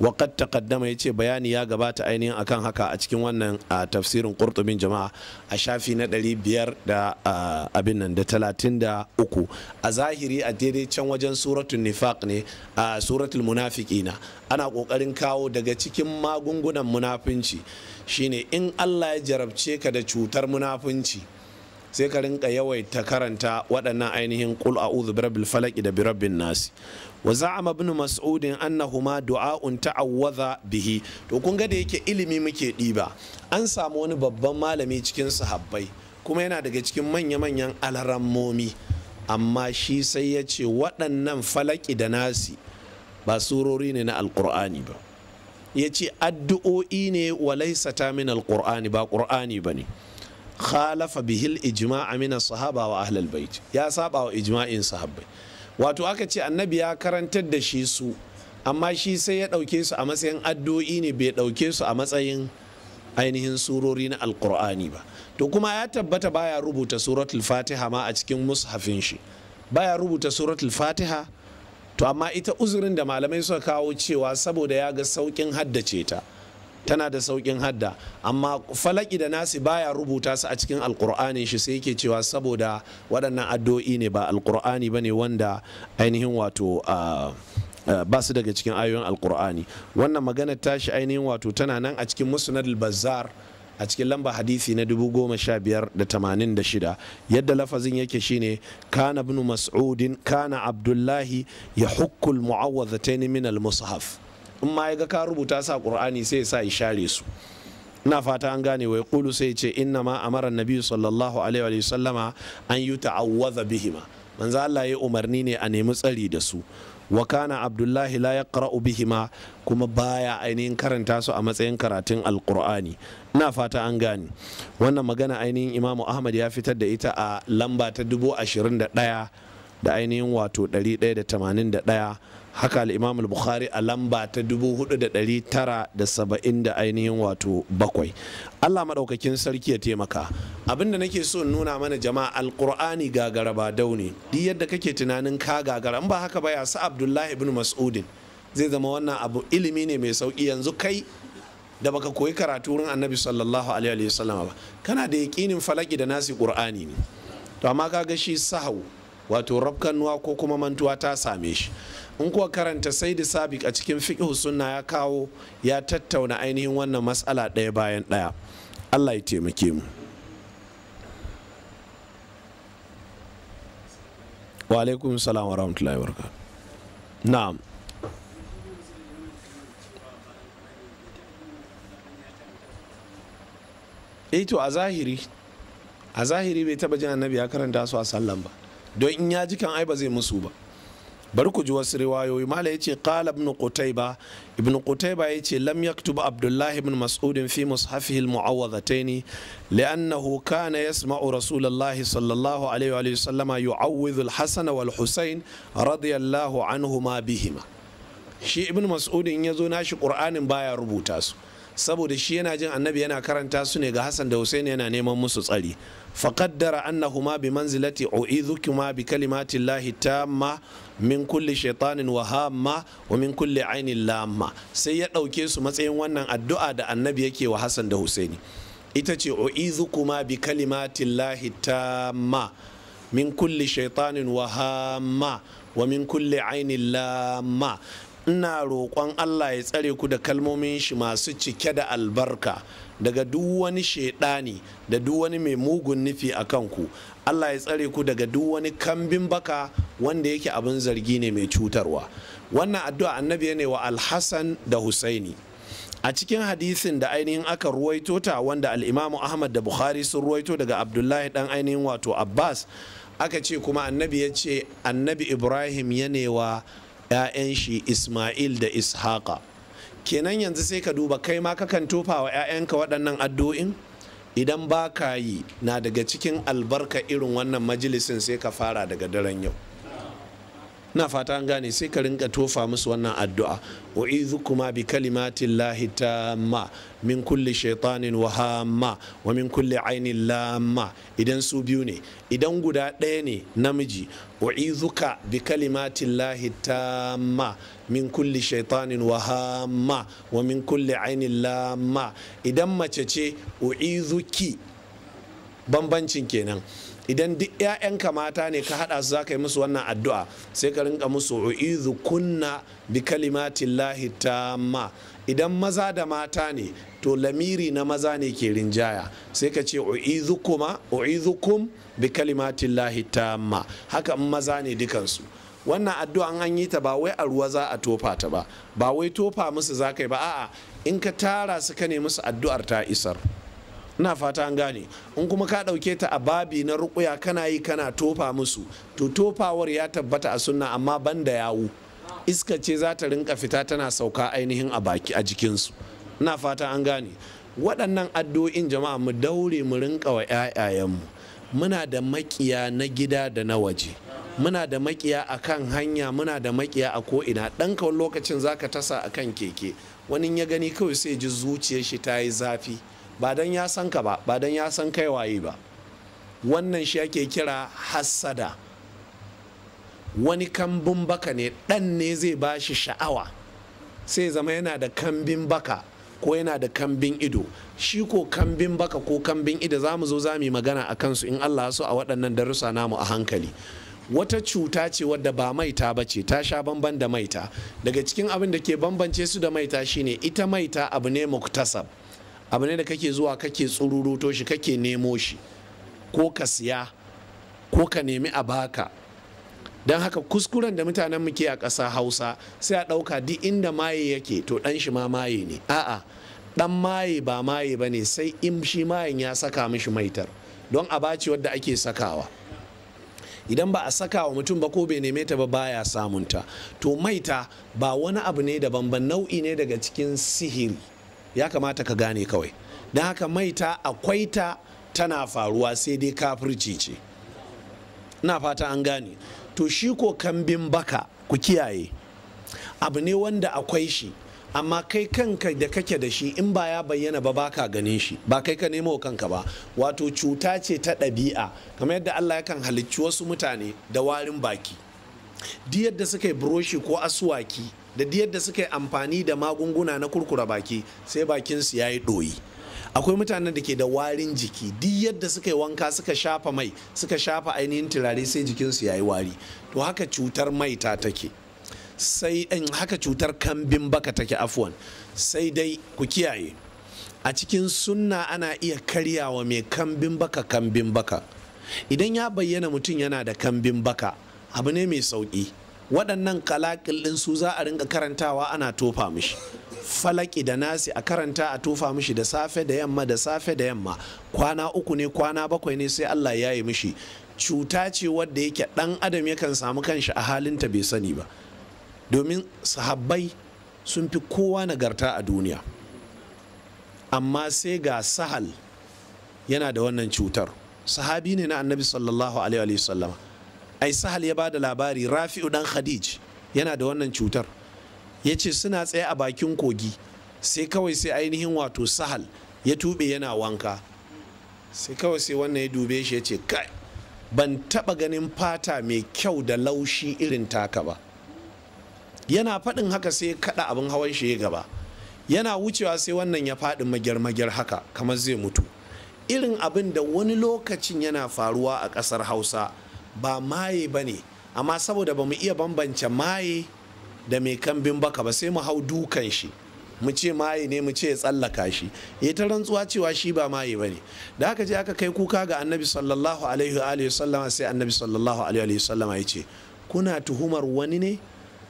waƙar kaddama ya ce bayani ya gabata ainihin akan haka a cikin wannan a tafsirin ƙurtubin jama'a a shafi na ɗari biyar da abin nan da talatin da uku a zahiri a daidai can wajen suratun nifaq ne a suratul munafiqina ana ƙoƙarin kawo daga cikin magungunan munafunci shine in Allah ya jarabce ka da cutar munafunci sai ka rinka yawaita karanta waɗannan ainihin qul a'udhu birabbil falaq da birabbin nasi. wa za'ama ibn mas'ud annahuma du'a'un ta'awwadha bihi to kun ga da yake ilimi muke ɗiba an samu wani babban malami cikin sahabbai kuma yana daga cikin manya-manyan alarammomi amma shi sai ya ce waɗannan falaki da nasi ba surori ne na alkur'ani ba ya ce addu'o'i ne walaisata min alkur'ani ba ƙur'ani ba ne khalafa bihil ijma'a min sahaba wa ahlal bait ya saba wa ijma'in sahabbai wato aka ce annabi ya karantar da shi su amma shi sai ya ɗauke su a matsayin addu'o'i ne bai ɗauke su a matsayin ainihin surori na alkur'ani ba to kuma ya tabbata baya rubuta suratul fatiha ma a cikin mushafin shi baya rubuta suratul fatiha to amma ita uzurin da malamai suka kawo cewa saboda ya ga saukin haddace ta tana da saukin hadda amma falaki da nasi baya rubuta su a cikin alkur'ani shi sai yake cewa saboda waɗannan addu'o'i ne ba alkur'ani ba ne wanda ainihin wato ba su daga cikin ayoyin alkur'ani wannan magana tashi ainihin wato tana nan a cikin musnad bazar a cikin lamba hadisi na shida yadda lafazin yake shine kana ibn mas'udin kana abdullahi ya hukkul mu'awwazatayn min al-mushaf in ma ya ga ka rubuta sa qur'ani sai ya sa share su ina fata an gane wai kulu sai ce inna ma amara nabi sallallahu alaihi wa sallama an yi ta'awwaza bihima manzo Allah ya umarni ne a nemi tsari da su wa kana abdullahi la yaqra'u bihima kuma baya ainihin karanta su a matsayin karatun alqur'ani ina fata an gane wannan magana ainihin imamu ahmad ya fitar da ita a lamba ta 21 da ainihin wato 181 haka Alimamul bukhari a lamba ta dubu 4970 da da saba'in ainihin wato bakwai allah maɗaukakin sarki ya taimaka abinda nake so nuna mana jama'a alkur'ani gagara ba daune duk yadda kake tunanin ka gagara in ba haka ba ya sa abdullahi ibn mas'udin zai zama wannan abu ilimi ne mai sauki yanzu kai da baka koyi karatu wurin annabi sallallahu alaihi sallam ba kana da yaƙinin falaki da nasi qur'ani ne to amma kaga shi sahau wato rafkanuwa ko kuma mantuwa ta same shi in kuwa karanta sai da sabik a cikin fiqh sunna ya kawo ya tattauna ainihin wannan matsala ɗaya bayan ɗaya allah ya taimake mu wa salam wa rahmatullahi wa na'am eh a zahiri a zahiri bai taba jin annabi ya karanta su a sallan ba don in ya ji kan ai ba zai musu ba bari ku ji wasu riwayoyi mala ya ce kala ibn qutayba ibn qutayba ya ce lam yaktub abdullahi ibn mas'ud fi mushafihi al-mu'awwadhatayn li'annahu kana yasma'u rasulullah sallallahu alaihi wa sallama yu'awwidhu al-hasan wal husayn radiyallahu anhuma bihima shi ibn mas'ud in yazo nashi qur'anin baya rubuta su saboda shi yana jin annabi yana karanta su ne ga Hassan da Hussein yana neman musu tsari faqaddara annahuma bi manzilati u'idhukuma bi kalimati ta tamma min kulli shaitanin wa wa min kulli ainin lamma sai ya ɗauke su matsayin wannan addu'a da annabi yake wa Hassan da Husaini ita ce u'idhukuma bi kalimati ta tamma min kulli shaitanin wa hamma wa min kulli ainin lamma ina roƙon Allah ya tsare ku da kalmomin shi masu cike da albarka daga duk wani shaidani da duk wani mai mugun nufi a kanku Allah ya tsare ku daga duk wani kambin baka wanda yake abin zargi ne mai cutarwa wannan addu'a annabi ne wa alhassan da husaini a cikin hadisin da ainihin aka ruwaito ta wanda al'imamu ahmad da bukhari sun ruwaito daga abdullahi dan ainihin wato abbas aka ce kuma annabi ya ce annabi ibrahim ya 'ya'yan shi isma'il da ishaka kenan yanzu sai ka duba kai ma kakan tofa wa 'ya'yanka waɗannan addu'in idan ba ka yi na daga cikin albarka irin wannan majalisin sai ka fara daga daren yau na fata an gane sai ka rinka tofa musu wannan addu'a kuma bi kalimatin lahi ma min kulli shaitanin wa hamma wa min kulli ainin lamma idan su biyu ne idan guda ɗaya ne namiji u'izuka bi kalimatin lahi ma min kulli shaitanin wahama hamma wa min kulli ainin lamma idan mace ce u'izuki bambancin kenan idan duk 'ya'yanka mata ne ka haɗa su za ka yi musu wannan addu'a sai ka rinka musu u'izu kunna bi kalimatillahi ma. idan maza da mata ne to lamiri na maza ne ke rinjaya sai ka ce u'izu kum bi kalimatillahi ma. haka in maza ne dukansu wannan addu'a an yi ta ba wai a ruwa za a tofa ta ba ba wai tofa musu za ka yi ba a'a in ka tara su ka ne musu addu'ar ta isar ina fata an gane in kuma ka dauke ta a babi na rukuya kana yi kana tofa musu to tofawar ya tabbata a sunna amma banda yawu iska ce za ta rinka fita tana sauka ainihin a baki a jikinsu ina fata an gane waɗannan addu'o'in jama'a mu daure mu rinka wa 'ya'yayenmu muna da makiya na gida da na waje muna da makiya a kan hanya muna da makiya a ko'ina ɗan kawai lokacin za ka tasa a kan keke wani ya gani kawai sai ji zuciyar shi ta yi zafi ba don ya san ka ba ba don ya san kai waye ba wannan shi ake kira hassada wani kambin baka ne dan ne zai ba shi sha'awa sai zama yana da kambin baka ko yana da kambin ido shi ko kambin baka ko kambin ido za mu zo za mu yi magana a kansu in allah so a waɗannan darussa namu a hankali wata cuta ce wadda ba maita ba ce ta sha bamban da maita daga cikin abin da ke bambance su da maita shine ita maita abu ne muktasab abu ne da kake zuwa kake tsururuto shi kake nemo shi ko ka siya ko ka nemi a baka don haka kuskuren da mutanen muke a ƙasa hausa sai a ɗauka duk inda maye yake to ɗan shi ma maye ne a'a ɗan maye ba maye ba ne sai in shi mayen ya saka mishi maitar don a baci wadda ake sakawa idan ba a saka wa mutum ba ko bai neme ta ba baya samunta to maita ba wani abu ne daban ba nau'i ne daga cikin sihiri ya kamata ka gane kawai don haka maita akwai ta tana faruwa sai dai kafirci ce na fata an gane to shi ko kambin baka ku kiyaye abu ne wanda akwai shi amma kai kanka da kake da shi in ba ya bayyana ba ka ganin shi ba kai ka nemo kanka ba wato cuta ce ta ɗabi'a kamar yadda Allah yakan halicci wasu mutane da warin baki diyar da suka yi buroshi ko asuwaki da diyar da suka yi amfani da magunguna na kurkura baki sai bakinsu ya yi ɗoyi akwai mutanen da ke da warin jiki duk yadda suka yi wanka suka shafa mai suka shafa ainihin turare sai jikinsu ya yi wari to haka cutar maita take sai in eh, haka cutar kambin baka take afuwan sai dai ku kiyaye a cikin sunna ana iya karyawa mai kambin baka kambin baka idan ya bayyana mutum yana da kambin baka abu ne mai sauƙi waɗannan kalakil ɗin su za a rinka karantawa ana tofa mishi falaki da nasi a karanta a tofa mishi da safe da yamma da safe da yamma kwana uku ne kwana bakwai ne sai Allah ya yi mishi cuta ce wadda yake ɗan adam yakan samu kanshi a halinta bai sani ba domin sahabbai sun fi kowa nagarta a duniya amma sai ga sahal yana da wannan cutar sahabi ne na annabi sallallahu alaihi wasallama ai sahal ya da labari rafi'u dan khadij yana da wannan cutar ya ce suna tsaye a bakin kogi sai kawai sai ainihin wato sahal ya tube yana wanka sai kawai sai wannan ya dube shi ya ce kai ban taba ganin fata mai kyau da laushi irin taka ba yana faɗin haka sai ya kaɗa abin hawan shi ya gaba yana wucewa sai wannan ya faɗi magyar-magyar haka kamar zai mutu irin abin da wani lokacin yana faruwa a ƙasar hausa ba maye ba ne amma saboda ba mu iya bambance maye da mai kambin baka ba sai mu hau dukan shi mu ce maye ne mu ce ya tsallaka shi ya ta rantsuwa cewa shi ba maye ba ne da aka je aka kai kuka ga annabi sallallahu alaihi wa alihi sallama sai annabi sallallahu alaihi wa sallama ya ce kuna tuhumar wani ne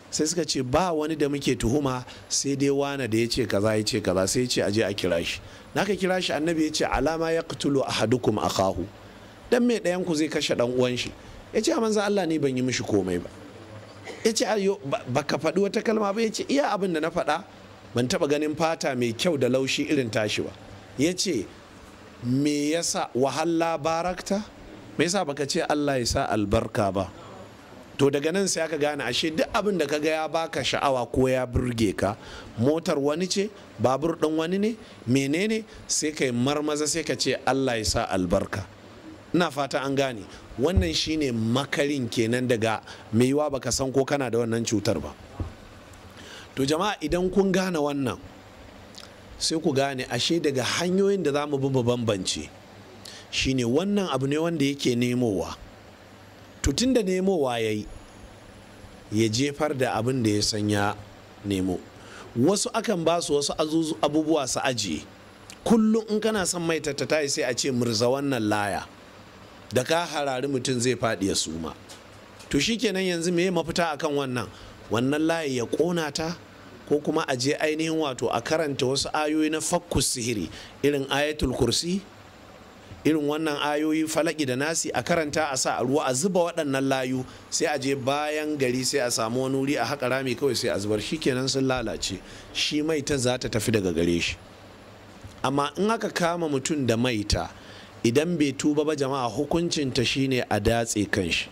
sai suka ce ba wani da muke tuhuma sai dai wana da ya ce kaza ya ce kaza sai ya ce aje a kira shi na ka kira shi annabi ya ce alama ya qtulu ahadukum akahu dan mai ɗayan ku zai kashe ɗan uwan shi ya ce a manzan Allah ne ban yi mishi komai ba ya ce ba ka faɗi wata kalma ba ya ce iya abin da na faɗa ban taɓa ganin fata mai kyau da laushi irin tashi ba ya ce me yasa wahala barakta me yasa baka ce Allah ya sa albarka ba to daga nan sai aka gane ashe duk abin da kaga ya baka sha'awa ko ya burge ka motar wani ce babur ɗin wani ne menene sai kai marmaza sai ka ce Allah ya sa albarka ina fata an gane wannan shine makarin kenan daga mai yiwa baka san ko kana da wannan cutar ba to jama'a idan kun gane wannan sai ku gane ashe daga hanyoyin da za mu bi bambance shine wannan abu ne wanda yake nemowa tutun da nemowa ya yi ya jefar da abin da ya sanya nemo wasu akan ba su wasu abubuwa su ajiye kullum in kana son mai tattata sai a ce murza wannan laya da ka harari mutum zai faɗi ya suma to shikenan yanzu me mafita akan wannan wannan layi ya kona ta ko kuma a je ainihin wato a karanta wasu ayoyi na fakkus sihiri irin ayatul kursi irin wannan ayoyi falaki da nasi a karanta a sa a ruwa a zuba waɗannan layu sai a je bayan gari sai a samu wani wuri a haƙa rami kawai sai a zubar shi kenan sun lalace shi maita za ta tafi daga gare shi amma in aka kama mutum da maita idan bai tuba ba jama'a hukuncinta shine a datse kanshi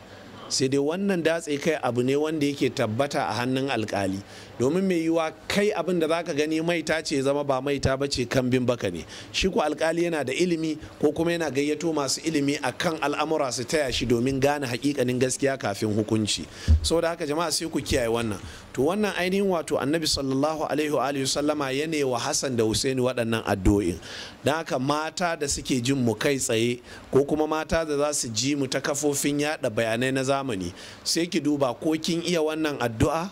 sai dai wannan datse kai abu ne wanda yake tabbata a hannun alkali domin mai yiwa kai abin da zaka gani maita ce zama ba maita ba ce kambin baka ne shi ko alkali yana da ilimi ko kuma yana gayyato masu ilimi a kan al'amura su taya shi domin gane hakikanin gaskiya kafin hukunci saboda haka jama'a sai ku kiyaye wannan to wannan ainihin wato annabi sallallahu alaihi wa alihi sallama ya wa Hassan da Husaini waɗannan addu'o'in don haka mata da suke jin mu kai tsaye ko kuma mata da za su ji mu ta kafofin yada bayanai na zamani sai ki duba ko kin iya wannan addu'a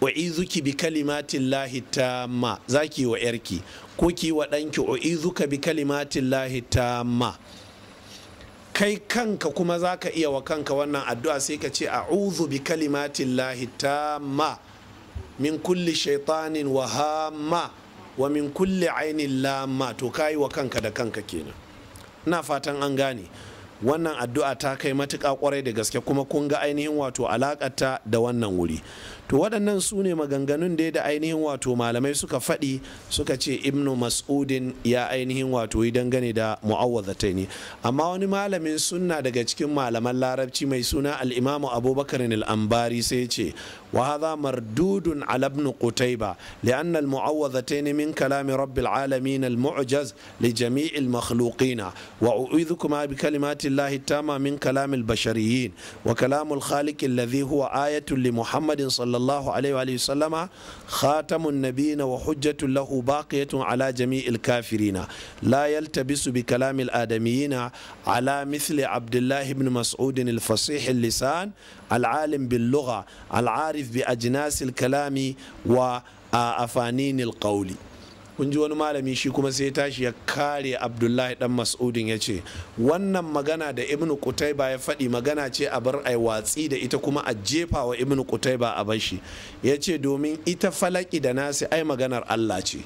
wa izuki bi kalimatin lahi tamma yi wa yarki ko ki wa ɗanki wa izuka bi kalimatin lahi tamma kai kanka kuma za ka iya wa kanka wannan addu'a sai ka ce a uzu bi kalimatin lahita ma min kulle shaitanin wa wa min kulli ainin lama to ka yi wa kanka da kanka kenan na fatan an gane wannan addu'a ta kai matuƙa kwarai da gaske kuma kun ga ainihin wato alaƙata da wannan wuri to waɗannan su ne maganganun da da ainihin wato malamai suka faɗi suka ce ibnu mas'udin ya ainihin wato yi dangane da mu'awwazataini amma wani malamin sunna daga cikin malaman larabci mai suna al'imamu abubakar al-ambari sai ce wa hadha mardudun ala ibn qutayba lian al-mu'awwazataini min kalami rabbil alamin al-mu'jaz li jami'il al-makhluqin wa u'idhukuma bi kalimati llahi tama min kalamin bashariyyin wa kalamul al-khaliq alladhi huwa ayatun li muhammadin sallallahu صلى الله عليه وآله وسلم خاتم النبيين وحجة له باقية على جميع الكافرين لا يلتبس بكلام الآدميين على مثل عبد الله بن مسعود الفصيح اللسان العالم باللغة العارف بأجناس الكلام وأفانين القول kun ji wani malami shi kuma sai tashi ya kare abdullahi dan mas'udin ya ce wannan magana da ibnu kutaiba ya faɗi magana ce a bar ai watsi da ita kuma a jefa wa ibnu kutaiba a bar shi. ya ce domin ita falaki da nasi ai maganar allah ce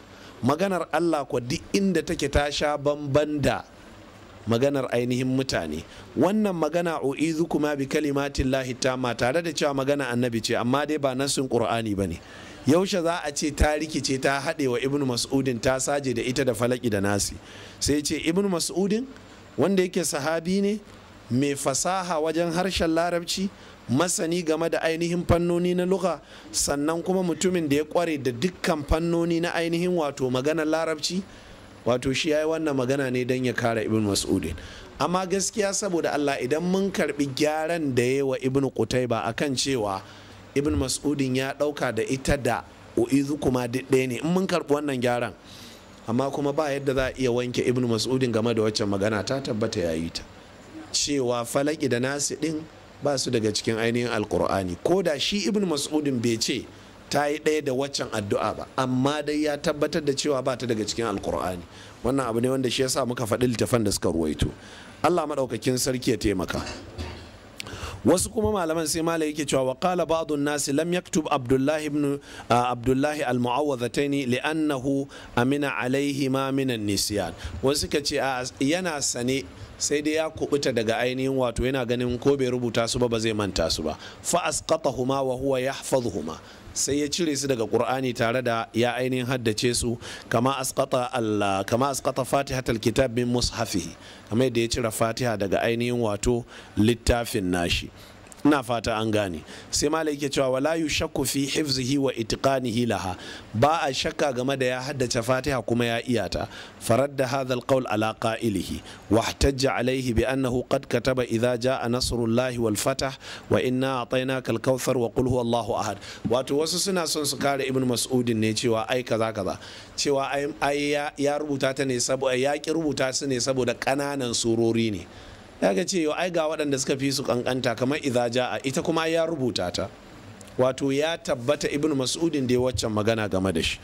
maganar allah kwa duk inda take ta sha bamban da maganar ainihin mutane wannan magana u'izu kuma bi kalimatin lahi tama tare da cewa magana annabi ce amma dai ba nasin qur'ani ne. yaushe za a ce ta rikice ta haɗe wa ibnu mas'udin ta saje da ita da falaki da nasi sai ce ibnu mas'udin wanda yake sahabi ne mai fasaha wajen harshen larabci masani game da ainihin fannoni na luka sannan kuma mutumin da ya kware da dukkan fannoni na ainihin wato maganar larabci wato shi ya yi wannan magana ne don ya kara ibn mas'udin amma gaskiya saboda allah idan mun karbi gyaran da ya wa ibn kutai ba akan cewa ibn mas'udin ya ɗauka da ita da u'izu kuma ɗaya ne in mun karɓi wannan gyaran amma kuma ba yadda za a iya wanke ibn mas'udin game da waccan magana ta tabbata ya yi ta cewa falaki da nasi ɗin ba su daga cikin ainihin alkur'ani ko da shi ibn mas'udin bai ce ta yi ɗaya da waccan addu'a ba amma dai ya tabbatar da cewa ba ta daga cikin alkur'ani wannan abu ne wanda shi ya sa muka faɗi littafan da suka ruwaito allah maɗaukakin sarki ya taimaka wasu kuma malaman sai mala yake cewa wa qala ba'd an-nas lam yaktub abdullahi ibn abdullahi al-mu'awwadhataini li'annahu amina alaihi ma min nisyan wasu ka ce yana sane sai dai ya kubuta daga ainihin wato yana ganin ko bai rubuta su ba ba zai manta su ba fa asqatahuma wa huwa yahfazuhuma sai ya cire su daga qur'ani tare da ya ainihin haddace su kama asqata Allah kama asqata kitab min mushafihi kamar yadda ya cire fatiha daga ainihin wato littafin nashi ina fata an gane sai malai yake cewa wala yushakku fi hifzihi wa itqanihi laha ba a shakka game da ya haddace fatiha kuma ya iyata ta faradda hadha alqawl ala qa'ilihi wa ihtajja alayhi bi annahu qad kataba ja jaa nasrullahi wal fatah wa inna atainaka alkawthar wa qul huwallahu ahad wato wasu suna son su kare ibn mas'udin ne cewa ai kaza kaza cewa ai ya rubuta ta ne saboda ya ki rubuta su ne saboda kananan surori ne ya ce yau ai ga waɗanda suka fi su kankanta kamar idza ja'a ita kuma ya rubuta ta wato ya tabbata ibnu mas'udin da ya waccan magana game da shi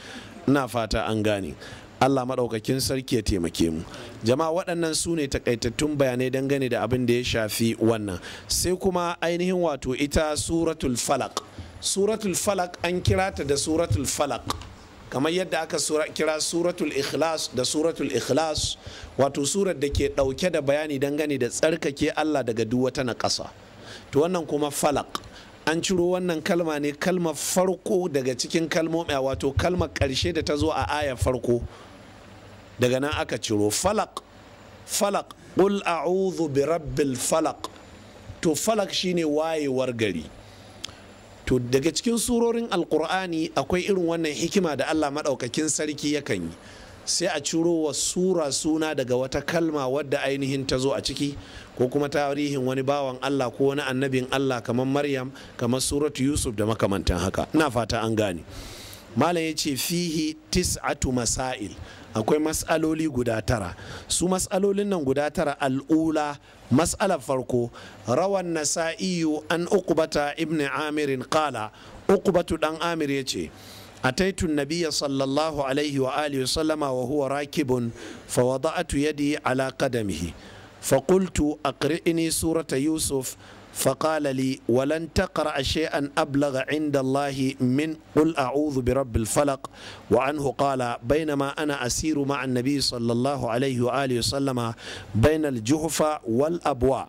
ina fata an gane Allah maɗaukakin sarki ya taimake mu jama'a waɗannan su ne takaitattun bayanai dangane da abin da ya shafi wannan sai kuma ainihin wato ita suratul falak suratul falak an kira ta da suratul falak kamar yadda aka kira suratul ikhlas da suratul ikhlas wato surar da ke dauke da bayani dangane da tsarkake allah daga duk wata naƙasa to wannan kuma falak an ciro wannan kalma ne kalma farko daga cikin kalmomi wato kalmar ƙarshe da ta zo a aya farko daga nan aka ciro falak falak qul a'udhu bi rabbil falak to falak shine wayewar gari to daga cikin surorin alkur'ani akwai irin wannan hikima da allah maɗaukakin sarki yakan yi sai a ciro wa sura suna daga wata kalma wadda ainihin ta zo a ciki ko kuma tarihin wani bawan allah ko wani annabin allah kamar maryam kamar suratu yusuf da makamantan haka ina fata an gane malam ya ce fihi tis'atu masail akwai matsaloli guda tara su matsalolin nan guda tara al'ula matsalar farko rawan nasa'iyu an uqbata ibn amirin kala ukubatu dan amir ya ce taitun nabiya sallallahu alaihi wa alihi sallama wa huwa rakibun fa wada'atu yadi ala qadamihi fa a aqri'ni surata yusuf فقال لي ولن تقرأ شيئا أبلغ عند الله من قل أعوذ برب الفلق وعنه قال بينما أنا أسير مع النبي صلى الله عليه وآله وسلم بين الجهفة والأبواء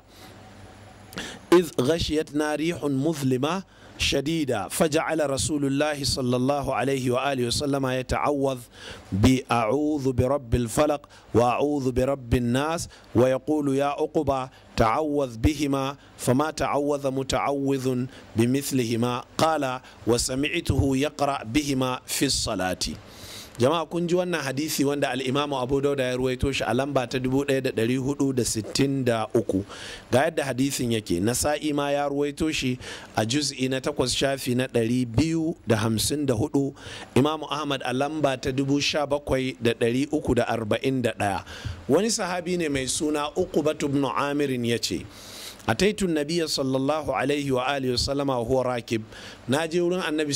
إذ غشيتنا ريح مظلمة شديدة فجعل رسول الله صلى الله عليه وآله وسلم يتعوذ بأعوذ برب الفلق وأعوذ برب الناس ويقول يا أقبى تعوذ بهما فما تعوذ متعوذ بمثلهما قال وسمعته يقرأ بهما في الصلاة jama'a kun ji wannan hadisi wanda al'imamu abu dauda ya ruwaito shi a lamba ta 1463 ga yadda hadisin yake na sa'i ma ya ruwaito shi a juz'i na takwas shafi na 254 imamu ahmad a lamba ta ɗaya wani sahabi ne mai suna uku ibn amirin ya ce أتيت النبي صلى الله عليه وآله وسلم وهو راكب ناجي ورن النبي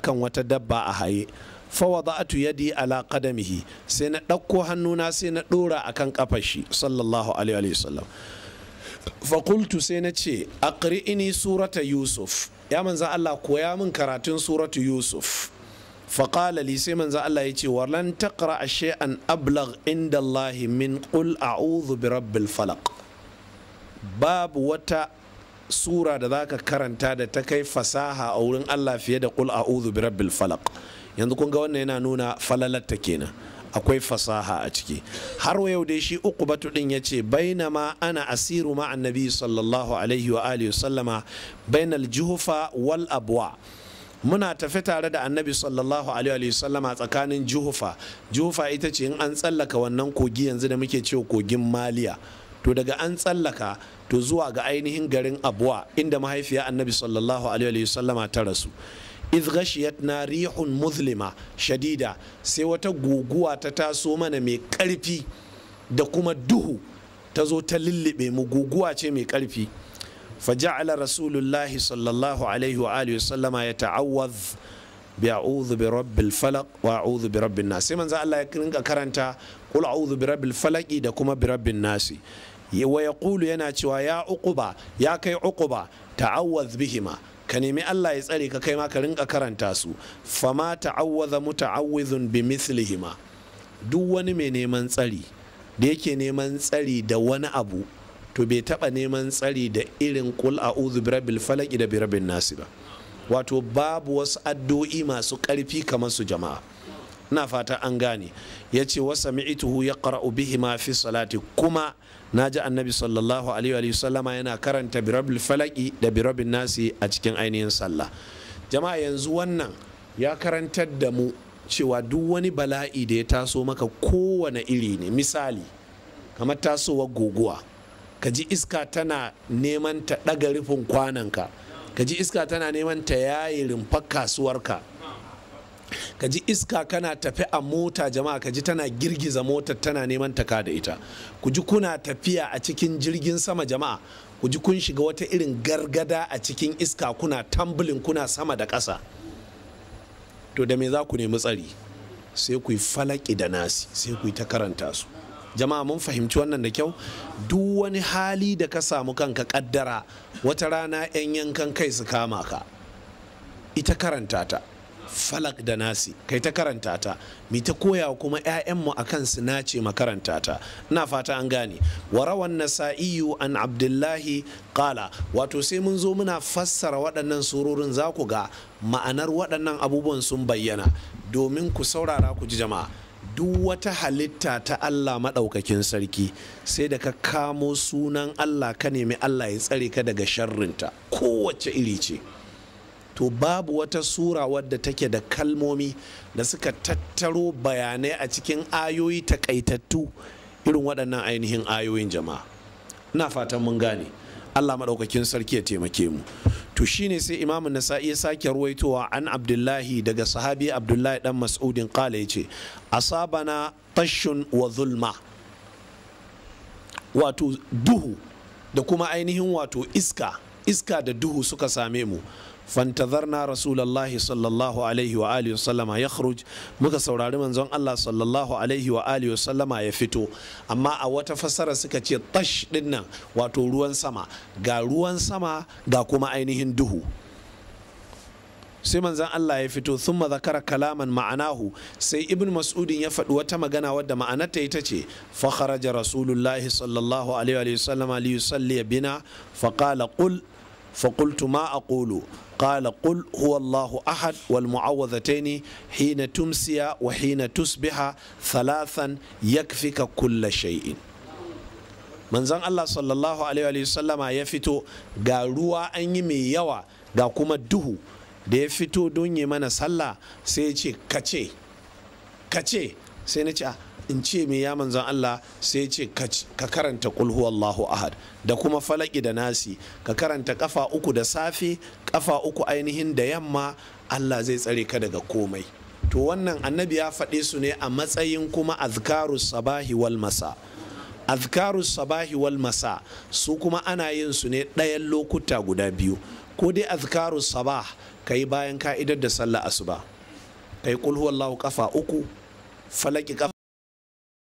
kan wata dabba a haye. fawada'atu yadi ala qadamihi sai na ɗauko hannuna sai na ɗora kan kafar shi sallallahu alaihi sallam. fakultu sai na ce aqri'ini surata yusuf ya manza Allah koya min karatun suratu yusuf faƙala sai manza Allah ya ce walan taqra shay'an ablagh inda Allah min a a'udhu bi rabbil falaq babu wata sura da za ka karanta da ta kai fasaha a wurin Allah fiye da a a'udhu bi rabbil falak yanzu kun ga wannan yana nuna falalatta kenan akwai fasaha a ciki har yau dai shi uku batu din ya ce ma ana asiru ma annabi sallallahu alaihi wa alihi sallama bainal juhufa wal abwa muna tafi tare da annabi sallallahu alaihi wa sallama tsakanin juhufa juhufa ita ce in an tsallaka wannan kogi yanzu da muke cewa kogin maliya to daga an tsallaka to zuwa ga ainihin garin abuwa inda mahaifiya annabi sallallahu alaihi wa sallama ta rasu izghashiyat na rihun muzlima shadida sai wata guguwa ta taso mana mai karfi da kuma duhu ta zo ta lullube mu guguwa ce mai karfi faja'ala rasulullahi sallallahu alaihi wa alihi sallama ya ta'awwaz bi a'udhu bi rabbil falaq wa a'udhu bi rabbin nas sai manzo Allah ya kinga karanta qul a'udhu bi rabbil falaqi da kuma bi rabbin nas wa yaqulu yana cewa ya uquba ya kai uquba ta'awwaz bihima ka nemi Allah ya tsare ka kai ma ka rinka karanta su fama ta'awwaza muta'awwizun bi mislihima duk wani mai neman tsari da yake neman tsari da wani abu to bai taba neman tsari da irin kul a'udhu Birabil falaki da birabin nasi ba wato babu wasu addu'o'i masu karfi kamar su jama'a na fata an gane ya ce wasa mi'ituhu ya qara'u bihi fi salati kuma na ji annabi sallallahu alaihi sallama yana karanta birabil falaki da birabin nasi a cikin ainihin sallah jama'a yanzu wannan ya karantar da mu cewa duk wani bala'i da ya taso maka kowane iri ne misali kamar tasowar guguwa ka ji iska tana neman ta ɗaga rufin kwananka ka ji iska tana neman ta yayi rumfar kasuwarka ka ji iska kana tafi a mota jama'a ka ji tana girgiza motar tana neman taka da ita ku ji kuna tafiya a cikin jirgin sama jama'a ku ji kun shiga wata irin gargada a cikin iska kuna tambulin kuna sama da ƙasa to da me za ku nemi tsari sai ku yi falaki da nasi sai ku yi ta karanta su jama'a mun fahimci wannan da kyau duk wani hali da ka samu kanka kaddara wata rana 'yan yankan kai su kama ka ita karanta ta falak da nasi kai ta karanta ta mi ta koya kuma 'ya'yanmu a kan su nace makaranta ta ina fata an gane warawan nasa'iyu an abdullahi kala wato sai mun zo muna fassara waɗannan surorin za ku ga ma'anar waɗannan abubuwan sun bayyana domin ku saurara ku ji jama'a duk wata halitta ta Allah maɗaukakin sarki sai da ka kamo sunan Allah ka nemi Allah ya tsare ka daga sharrinta kowace iri ce to babu wata sura wadda take da kalmomi da suka tattaro bayanai a cikin ayoyi takaitattu irin waɗannan ainihin ayoyin jama'a na fatan mun gane Allah maɗaukakin sarki ya taimake mu to shine sai imamu nasa'i ya sake ruwaitowa an abdullahi daga sahabi abdullahi dan mas'udin kala yace asabana tashun wa zulma wato duhu da kuma ainihin wato iska iska da duhu suka same mu fantazarna rasulullahi sallallahu alaihi wa alihi wasallama ya muka saurari manzon Allah ya fito amma a wata fasara suka ce tash ɗinnan. wato ruwan sama ga ruwan sama ga kuma ainihin duhu sai manzan Allah ya fito sun zakara kalaman ma'anahu sai ibn mas'udin ya faɗi wata magana wadda ma'anarta ita ce fakharaja rasulullahi sallallahu alaihi wa sallama فقلت ما أقول قال قل هو الله أحد والمعوذتين حين تمسي وحين تصبح ثلاثا يكفك كل شيء manzon Allah sallallahu alaihi wasallama ya fito ga ruwa an mai yawa ga kuma duhu da ya fito don yi mana sallah sai ya ce kace in ce me ya manzan Allah sai ce ka karanta kulhu Allahu. ahad da kuma falaki da nasi ka karanta kafa uku da safe kafa uku ainihin da yamma Allah zai tsare ka daga komai to wannan annabi ya faɗe su ne a matsayin kuma azkaru sabahi wal masa azkaru sabahi wal masa su kuma ana yin su ne ɗayan lokuta guda biyu ko dai azkaru sabah ka yi bayan ka'idar da sallah asuba Ka yi kulhu Allahu kafa uku falaki kafa